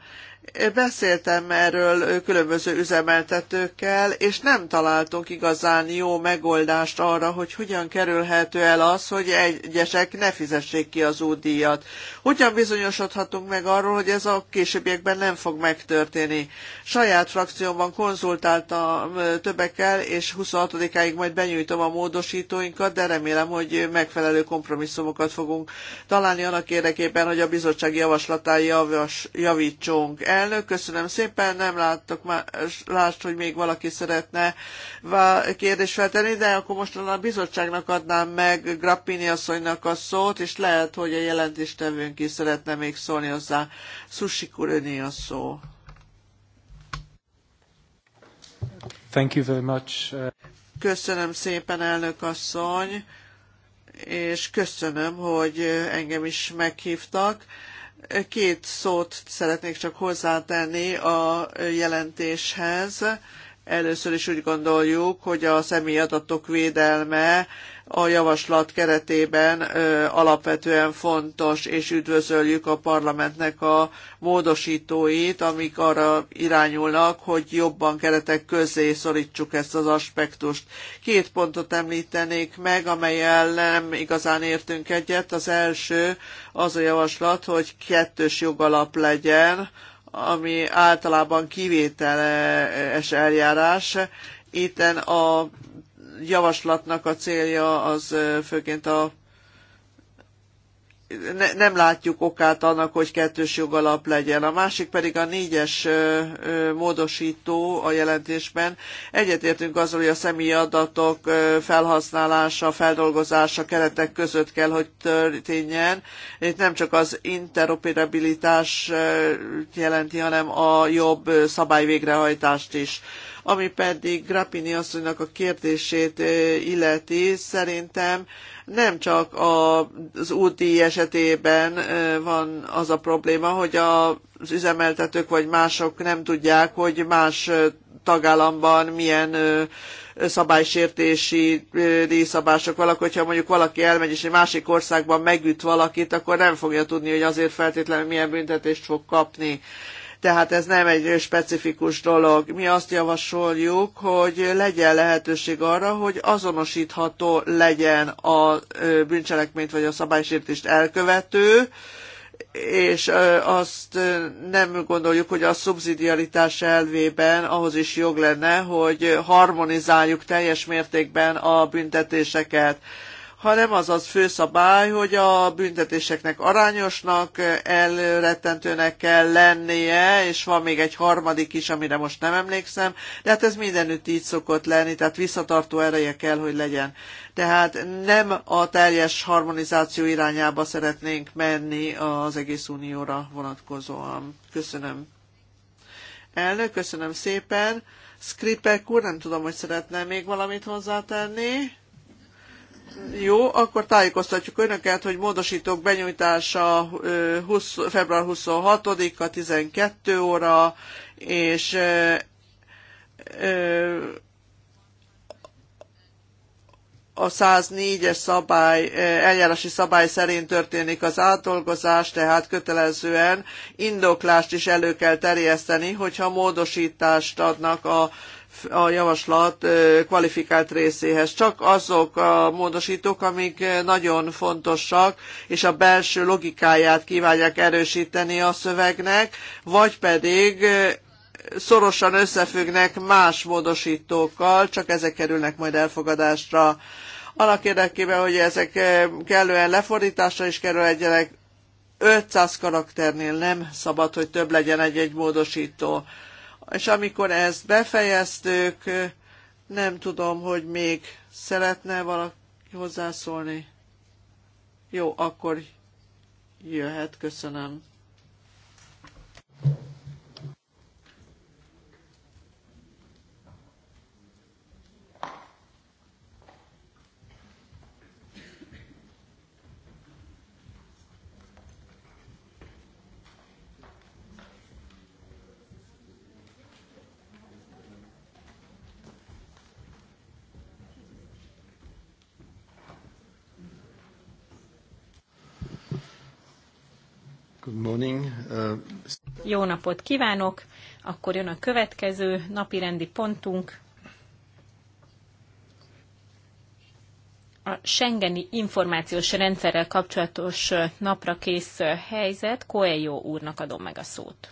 Beszéltem erről különböző üzemeltetőkkel, és nem találtunk igazán jó megoldást arra, hogy hogyan kerülhető el az, hogy egyesek ne fizessék ki az útdíjat. Hogyan bizonyosodhatunk meg arról, hogy ez a későbbiekben nem fog megtörténni. Saját frakciómban konzultáltam többekkel, és 26-áig majd benyújtom a módosítóinkat, de remélem, hogy megfelelő kompromisszumokat fogunk találni annak érdekében, hogy a bizottság javaslatán javas, javítsunk el elnök, köszönöm szépen, nem láttok más, lást, hogy még valaki szeretne kérdést feltenni, de akkor most a bizottságnak adnám meg Grappini asszonynak a szót, és lehet, hogy a jelentéstevőnk is szeretne még szólni hozzá. Susikur öné a szó. Thank you very much. Uh, köszönöm szépen, elnök asszony, és köszönöm, hogy engem is meghívtak Két szót szeretnék csak hozzátenni a jelentéshez. Először is úgy gondoljuk, hogy a személyi adatok védelme a javaslat keretében ö, alapvetően fontos, és üdvözöljük a parlamentnek a módosítóit, amik arra irányulnak, hogy jobban keretek közé szorítsuk ezt az aspektust. Két pontot említenék meg, amelyel nem igazán értünk egyet. Az első az a javaslat, hogy kettős jogalap legyen, ami általában kivételes eljárás. Itten a javaslatnak a célja az főként a ne, nem látjuk okát annak, hogy kettős jogalap legyen. A másik pedig a négyes ö, ö, módosító a jelentésben. Egyetértünk azzal, hogy a személyi adatok ö, felhasználása, feldolgozása keretek között kell, hogy történjen. Itt nem csak az interoperabilitás ö, jelenti, hanem a jobb szabályvégrehajtást is. Ami pedig Grappini asszonynak a kérdését illeti, szerintem nem csak az útdíj esetében van az a probléma, hogy az üzemeltetők vagy mások nem tudják, hogy más tagállamban milyen szabálysértési díjszabások vannak, hogyha mondjuk valaki elmegy és egy másik országban megüt valakit, akkor nem fogja tudni, hogy azért feltétlenül milyen büntetést fog kapni tehát ez nem egy specifikus dolog. Mi azt javasoljuk, hogy legyen lehetőség arra, hogy azonosítható legyen a bűncselekményt vagy a szabálysértést elkövető, és azt nem gondoljuk, hogy a szubszidiaritás elvében ahhoz is jog lenne, hogy harmonizáljuk teljes mértékben a büntetéseket hanem az az főszabály, hogy a büntetéseknek arányosnak, elrettentőnek kell lennie, és van még egy harmadik is, amire most nem emlékszem, de hát ez mindenütt így szokott lenni, tehát visszatartó ereje kell, hogy legyen. Tehát nem a teljes harmonizáció irányába szeretnénk menni az egész unióra vonatkozóan. Köszönöm. Elnök, köszönöm szépen. Skripek úr, nem tudom, hogy szeretne még valamit hozzátenni jó, akkor tájékoztatjuk önöket, hogy módosítók benyújtása 20, február 26-a 12 óra, és a 104-es szabály, eljárási szabály szerint történik az átdolgozás, tehát kötelezően indoklást is elő kell terjeszteni, hogyha módosítást adnak a a javaslat kvalifikált részéhez. Csak azok a módosítók, amik nagyon fontosak, és a belső logikáját kívánják erősíteni a szövegnek, vagy pedig szorosan összefüggnek más módosítókkal, csak ezek kerülnek majd elfogadásra. Annak érdekében, hogy ezek kellően lefordításra is kerüljenek, 500 karakternél nem szabad, hogy több legyen egy-egy módosító és amikor ezt befejeztük, nem tudom, hogy még szeretne valaki hozzászólni. Jó, akkor jöhet, köszönöm. Good morning. Uh, Jó napot kívánok! Akkor jön a következő napi rendi pontunk. A Schengeni információs rendszerrel kapcsolatos napra kész helyzet. Coelho úrnak adom meg a szót.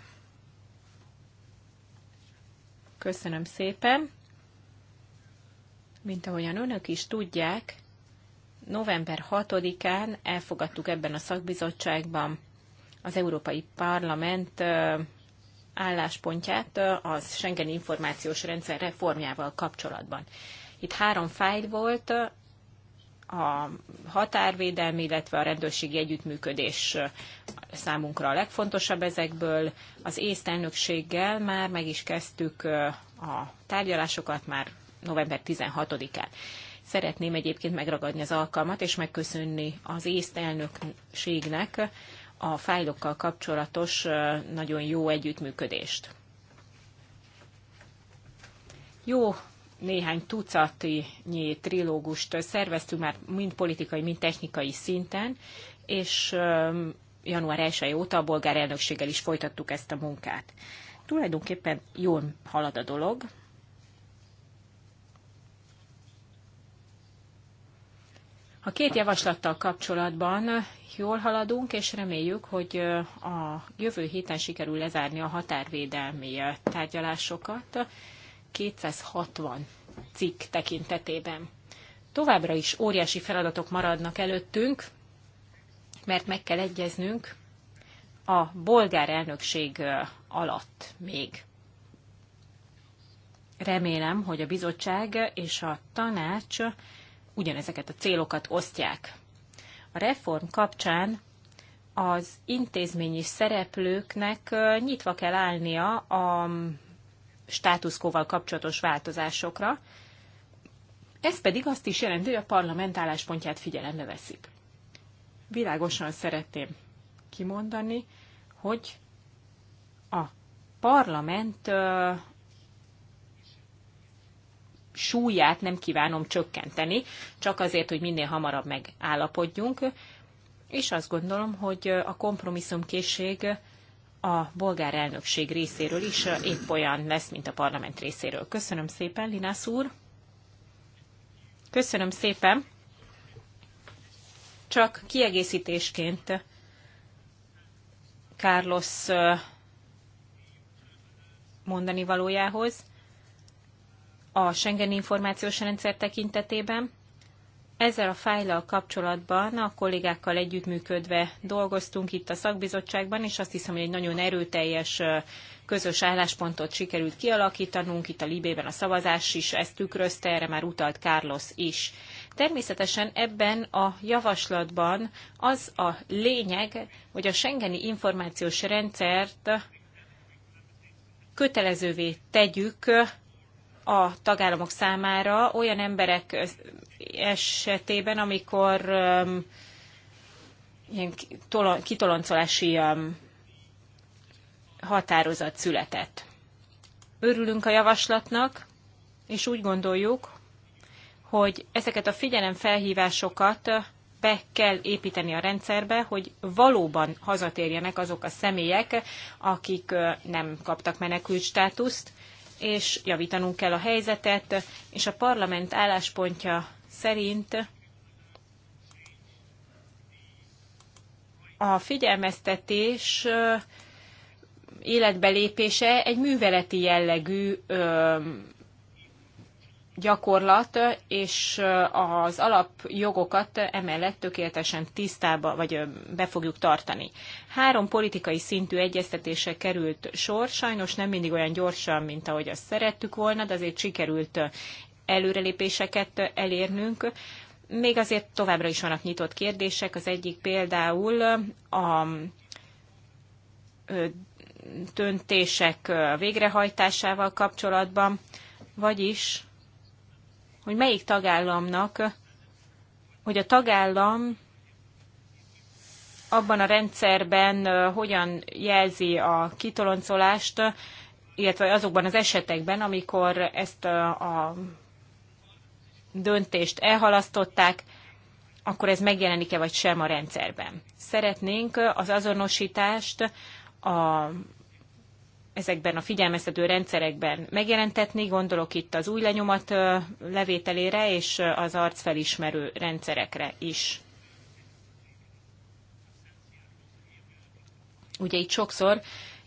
Köszönöm szépen. Mint ahogyan önök is tudják, november 6-án elfogadtuk ebben a szakbizottságban az Európai Parlament álláspontját az Schengen információs rendszer reformjával kapcsolatban. Itt három fájl volt, a határvédelmi, illetve a rendőrségi együttműködés számunkra a legfontosabb ezekből. Az észt elnökséggel már meg is kezdtük a tárgyalásokat, már november 16-án. Szeretném egyébként megragadni az alkalmat, és megköszönni az észt elnökségnek a fájlokkal kapcsolatos nagyon jó együttműködést. Jó néhány tucatnyi trilógust szerveztünk már mind politikai, mind technikai szinten, és január 1 óta a bolgár elnökséggel is folytattuk ezt a munkát. Tulajdonképpen jól halad a dolog. A két javaslattal kapcsolatban jól haladunk, és reméljük, hogy a jövő héten sikerül lezárni a határvédelmi tárgyalásokat 260 cikk tekintetében. Továbbra is óriási feladatok maradnak előttünk, mert meg kell egyeznünk a bolgár elnökség alatt még. Remélem, hogy a bizottság és a tanács ugyanezeket a célokat osztják. A reform kapcsán az intézményi szereplőknek nyitva kell állnia a státuszkóval kapcsolatos változásokra, ez pedig azt is jelenti, hogy a parlament álláspontját figyelembe veszik. Világosan szeretném kimondani, hogy a parlament súlyát nem kívánom csökkenteni, csak azért, hogy minél hamarabb megállapodjunk. És azt gondolom, hogy a kompromisszumkészség a bolgár elnökség részéről is épp olyan lesz, mint a parlament részéről. Köszönöm szépen, Linász úr! Köszönöm szépen! Csak kiegészítésként Carlos eh, mondani valójához a Schengen információs rendszer tekintetében. Ezzel a fájlal kapcsolatban a kollégákkal együttműködve dolgoztunk itt a szakbizottságban, és azt hiszem, hogy egy nagyon erőteljes közös álláspontot sikerült kialakítanunk. Itt a Libében a szavazás is ezt tükrözte, erre már utalt Carlos is. Természetesen ebben a javaslatban az a lényeg, hogy a Schengeni információs rendszert kötelezővé tegyük a tagállamok számára olyan emberek esetében, amikor um, ilyen kitoloncolási um, határozat született. Örülünk a javaslatnak, és úgy gondoljuk, hogy ezeket a figyelemfelhívásokat be kell építeni a rendszerbe, hogy valóban hazatérjenek azok a személyek, akik nem kaptak menekült státuszt, és javítanunk kell a helyzetet, és a parlament álláspontja szerint a figyelmeztetés életbelépése egy műveleti jellegű gyakorlat és az alapjogokat emellett tökéletesen tisztába vagy be fogjuk tartani. Három politikai szintű egyeztetése került sor, sajnos nem mindig olyan gyorsan, mint ahogy azt szerettük volna, de azért sikerült előrelépéseket elérnünk. Még azért továbbra is vannak nyitott kérdések, az egyik például a döntések végrehajtásával kapcsolatban, vagyis hogy melyik tagállamnak, hogy a tagállam abban a rendszerben hogyan jelzi a kitoloncolást, illetve azokban az esetekben, amikor ezt a döntést elhalasztották, akkor ez megjelenik-e vagy sem a rendszerben. Szeretnénk az azonosítást a ezekben a figyelmeztető rendszerekben megjelentetni, gondolok itt az új lenyomat levételére és az arcfelismerő rendszerekre is. Ugye itt sokszor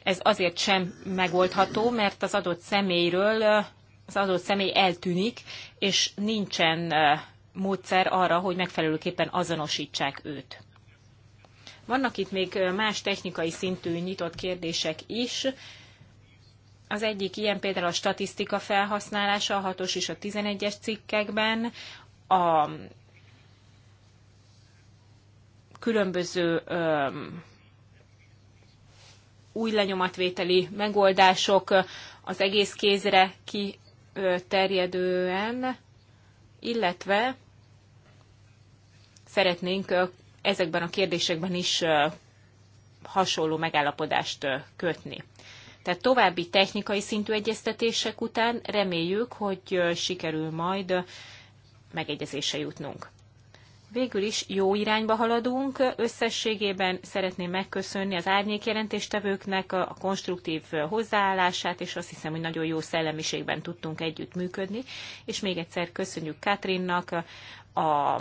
ez azért sem megoldható, mert az adott személyről az adott személy eltűnik, és nincsen módszer arra, hogy megfelelőképpen azonosítsák őt. Vannak itt még más technikai szintű nyitott kérdések is, az egyik ilyen például a statisztika felhasználása a 6-os és a 11-es cikkekben, a különböző új lenyomatvételi megoldások az egész kézre kiterjedően, illetve szeretnénk ezekben a kérdésekben is hasonló megállapodást kötni. Tehát további technikai szintű egyeztetések után reméljük, hogy sikerül majd megegyezése jutnunk. Végül is jó irányba haladunk. Összességében szeretném megköszönni az árnyékjelentéstevőknek a konstruktív hozzáállását, és azt hiszem, hogy nagyon jó szellemiségben tudtunk együtt működni. És még egyszer köszönjük Katrinnak a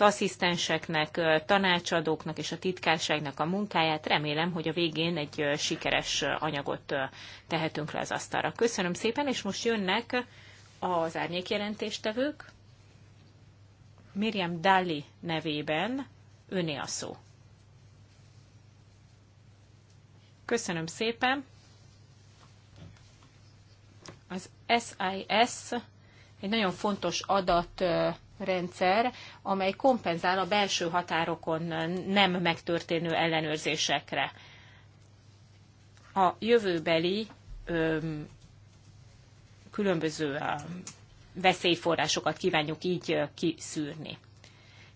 az asszisztenseknek, tanácsadóknak és a titkárságnak a munkáját. Remélem, hogy a végén egy sikeres anyagot tehetünk le az asztalra. Köszönöm szépen, és most jönnek az árnyékjelentéstevők. Miriam Dali nevében öné a szó. Köszönöm szépen. Az SIS egy nagyon fontos adat rendszer, amely kompenzál a belső határokon nem megtörténő ellenőrzésekre. A jövőbeli öm, különböző veszélyforrásokat kívánjuk így kiszűrni.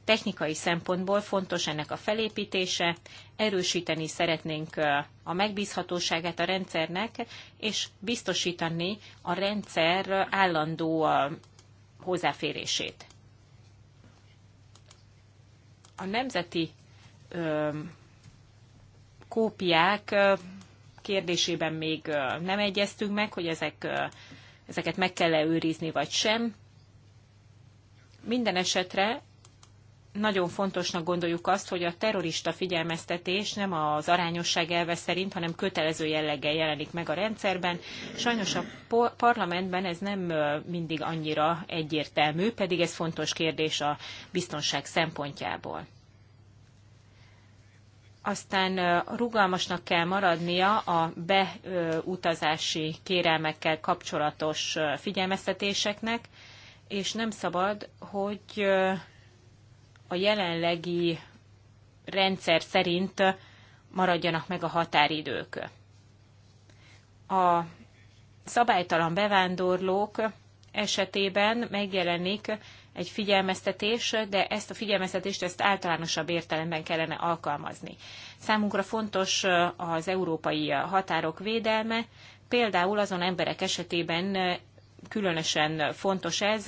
Technikai szempontból fontos ennek a felépítése, erősíteni szeretnénk a megbízhatóságát a rendszernek, és biztosítani a rendszer állandó hozzáférését a nemzeti ö, kópiák ö, kérdésében még ö, nem egyeztünk meg, hogy ezek, ö, ezeket meg kell-e őrizni, vagy sem. Minden esetre nagyon fontosnak gondoljuk azt, hogy a terrorista figyelmeztetés nem az arányosság elve szerint, hanem kötelező jelleggel jelenik meg a rendszerben. Sajnos a parlamentben ez nem mindig annyira egyértelmű, pedig ez fontos kérdés a biztonság szempontjából. Aztán rugalmasnak kell maradnia a beutazási kérelmekkel kapcsolatos figyelmeztetéseknek, és nem szabad, hogy a jelenlegi rendszer szerint maradjanak meg a határidők. A szabálytalan bevándorlók esetében megjelenik egy figyelmeztetés, de ezt a figyelmeztetést ezt általánosabb értelemben kellene alkalmazni. Számunkra fontos az európai határok védelme, például azon emberek esetében különösen fontos ez,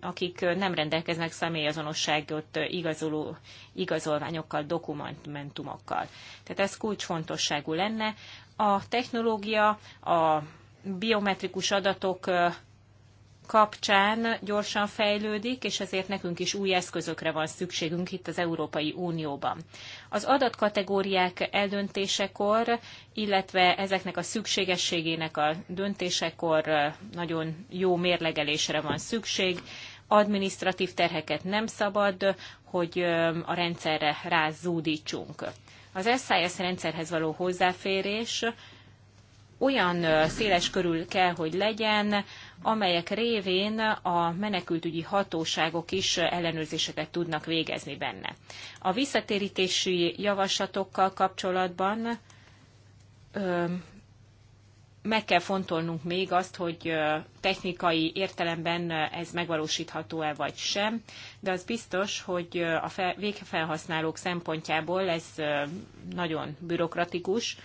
akik nem rendelkeznek személyazonosságot igazoló igazolványokkal, dokumentumokkal. Tehát ez kulcsfontosságú lenne. A technológia, a biometrikus adatok kapcsán gyorsan fejlődik, és ezért nekünk is új eszközökre van szükségünk itt az Európai Unióban. Az adatkategóriák eldöntésekor, illetve ezeknek a szükségességének a döntésekor nagyon jó mérlegelésre van szükség. Administratív terheket nem szabad, hogy a rendszerre rázúdítsunk. Az SIS rendszerhez való hozzáférés olyan széles körül kell, hogy legyen, amelyek révén a menekültügyi hatóságok is ellenőrzéseket tudnak végezni benne. A visszatérítési javaslatokkal kapcsolatban ö, meg kell fontolnunk még azt, hogy technikai értelemben ez megvalósítható-e vagy sem, de az biztos, hogy a végfelhasználók szempontjából ez nagyon bürokratikus,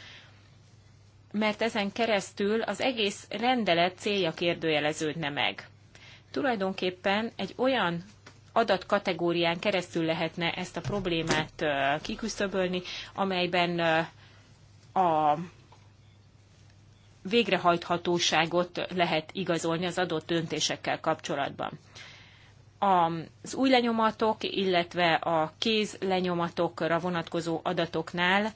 mert ezen keresztül az egész rendelet célja kérdőjeleződne meg. Tulajdonképpen egy olyan adatkategórián keresztül lehetne ezt a problémát kiküszöbölni, amelyben a végrehajthatóságot lehet igazolni az adott döntésekkel kapcsolatban. Az új lenyomatok, illetve a kézlenyomatokra vonatkozó adatoknál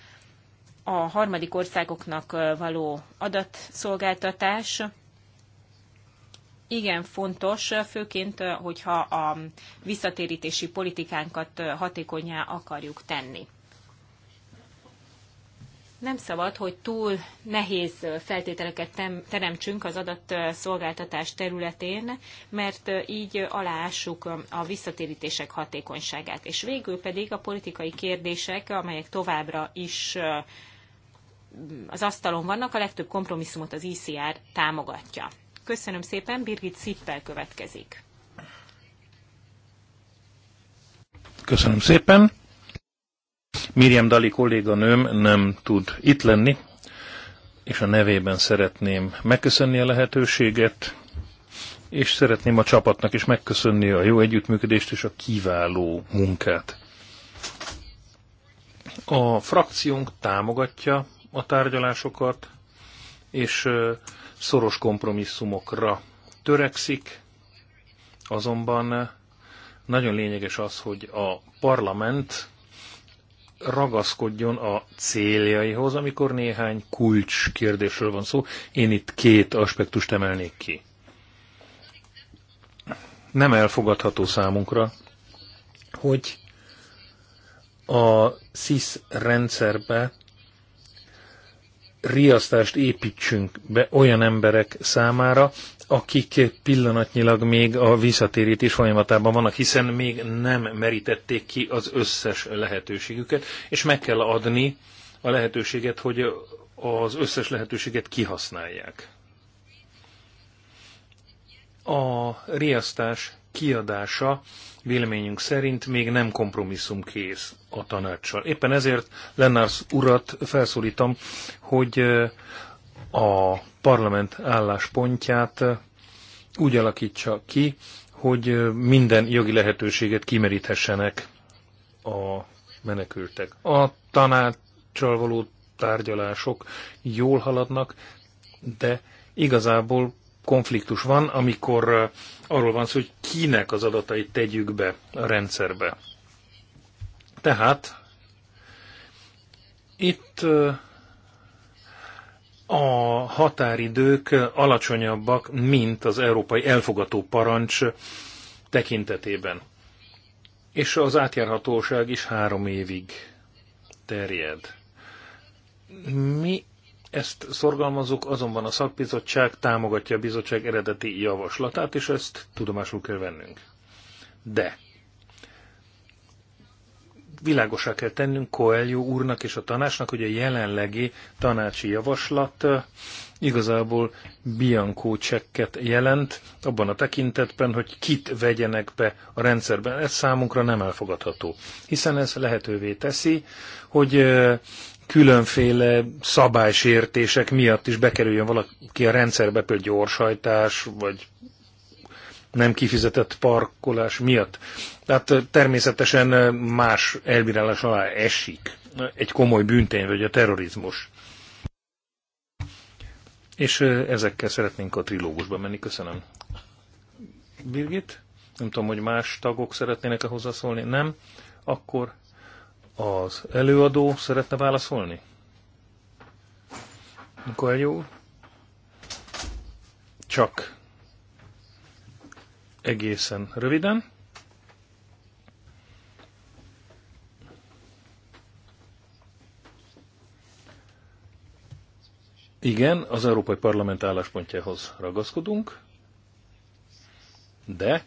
a harmadik országoknak való adatszolgáltatás igen fontos, főként, hogyha a visszatérítési politikánkat hatékonyá akarjuk tenni. Nem szabad, hogy túl nehéz feltételeket teremtsünk az adatszolgáltatás területén, mert így aláássuk a visszatérítések hatékonyságát. És végül pedig a politikai kérdések, amelyek továbbra is az asztalon vannak, a legtöbb kompromisszumot az ICR támogatja. Köszönöm szépen, Birgit Szippel következik. Köszönöm szépen. Miriam Dali kolléganőm nem tud itt lenni, és a nevében szeretném megköszönni a lehetőséget, és szeretném a csapatnak is megköszönni a jó együttműködést és a kiváló munkát. A frakciónk támogatja a tárgyalásokat, és szoros kompromisszumokra törekszik, azonban nagyon lényeges az, hogy a parlament ragaszkodjon a céljaihoz, amikor néhány kulcs kérdésről van szó. Én itt két aspektust emelnék ki. Nem elfogadható számunkra, hogy a SIS rendszerbe riasztást építsünk be olyan emberek számára, akik pillanatnyilag még a visszatérítés folyamatában vannak, hiszen még nem merítették ki az összes lehetőségüket, és meg kell adni a lehetőséget, hogy az összes lehetőséget kihasználják. A riasztás kiadása véleményünk szerint még nem kompromisszum kész a tanácssal. Éppen ezért Lennars urat felszólítom, hogy a parlament álláspontját úgy alakítsa ki, hogy minden jogi lehetőséget kimeríthessenek a menekültek. A tanácssal való tárgyalások jól haladnak, de igazából konfliktus van, amikor arról van szó, hogy kinek az adatait tegyük be a rendszerbe. Tehát itt a határidők alacsonyabbak, mint az európai elfogató parancs tekintetében. És az átjárhatóság is három évig terjed. Mi ezt szorgalmazok, azonban a szakbizottság támogatja a bizottság eredeti javaslatát, és ezt tudomásul kell vennünk. De világosá kell tennünk Coelho úrnak és a tanácsnak, hogy a jelenlegi tanácsi javaslat eh, igazából Bianco csekket jelent abban a tekintetben, hogy kit vegyenek be a rendszerben. Ez számunkra nem elfogadható, hiszen ez lehetővé teszi, hogy eh, különféle szabálysértések miatt is bekerüljön valaki a rendszerbe, például gyorshajtás, vagy nem kifizetett parkolás miatt. Tehát természetesen más elbírálás alá esik egy komoly büntény, vagy a terrorizmus. És ezekkel szeretnénk a trilógusba menni. Köszönöm. Birgit? Nem tudom, hogy más tagok szeretnének-e hozzászólni. Nem? Akkor az előadó szeretne válaszolni? Akkor jó. Csak egészen röviden. Igen, az Európai Parlament álláspontjához ragaszkodunk, de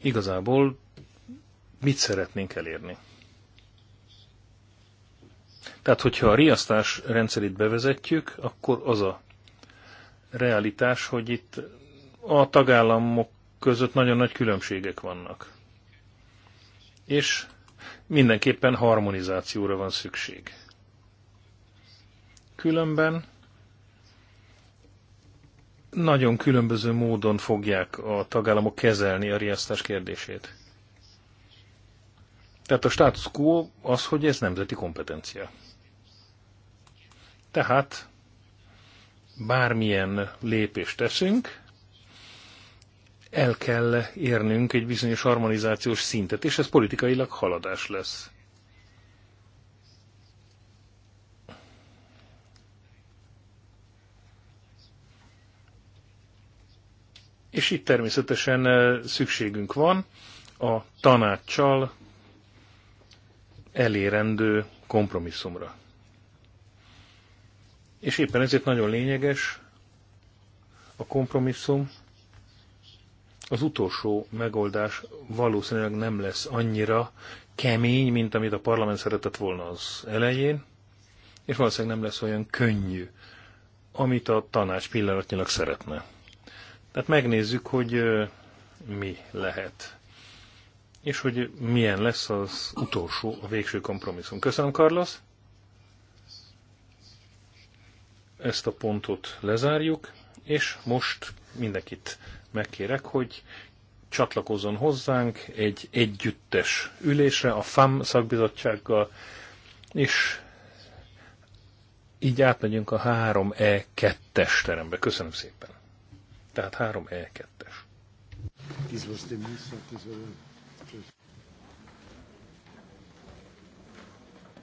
igazából mit szeretnénk elérni. Tehát, hogyha a riasztás rendszerét bevezetjük, akkor az a realitás, hogy itt a tagállamok között nagyon nagy különbségek vannak. És mindenképpen harmonizációra van szükség. Különben nagyon különböző módon fogják a tagállamok kezelni a riasztás kérdését. Tehát a status quo az, hogy ez nemzeti kompetencia. Tehát bármilyen lépést teszünk, el kell érnünk egy bizonyos harmonizációs szintet, és ez politikailag haladás lesz. És itt természetesen eh, szükségünk van a tanácssal elérendő kompromisszumra. És éppen ezért nagyon lényeges a kompromisszum. Az utolsó megoldás valószínűleg nem lesz annyira kemény, mint amit a parlament szeretett volna az elején, és valószínűleg nem lesz olyan könnyű, amit a tanács pillanatnyilag szeretne. Tehát megnézzük, hogy mi lehet és hogy milyen lesz az utolsó, a végső kompromisszum. Köszönöm, Carlos! Ezt a pontot lezárjuk, és most mindenkit megkérek, hogy csatlakozzon hozzánk egy együttes ülésre a FAM szakbizottsággal, és így átmegyünk a 3E2-es terembe. Köszönöm szépen. Tehát 3E2-es.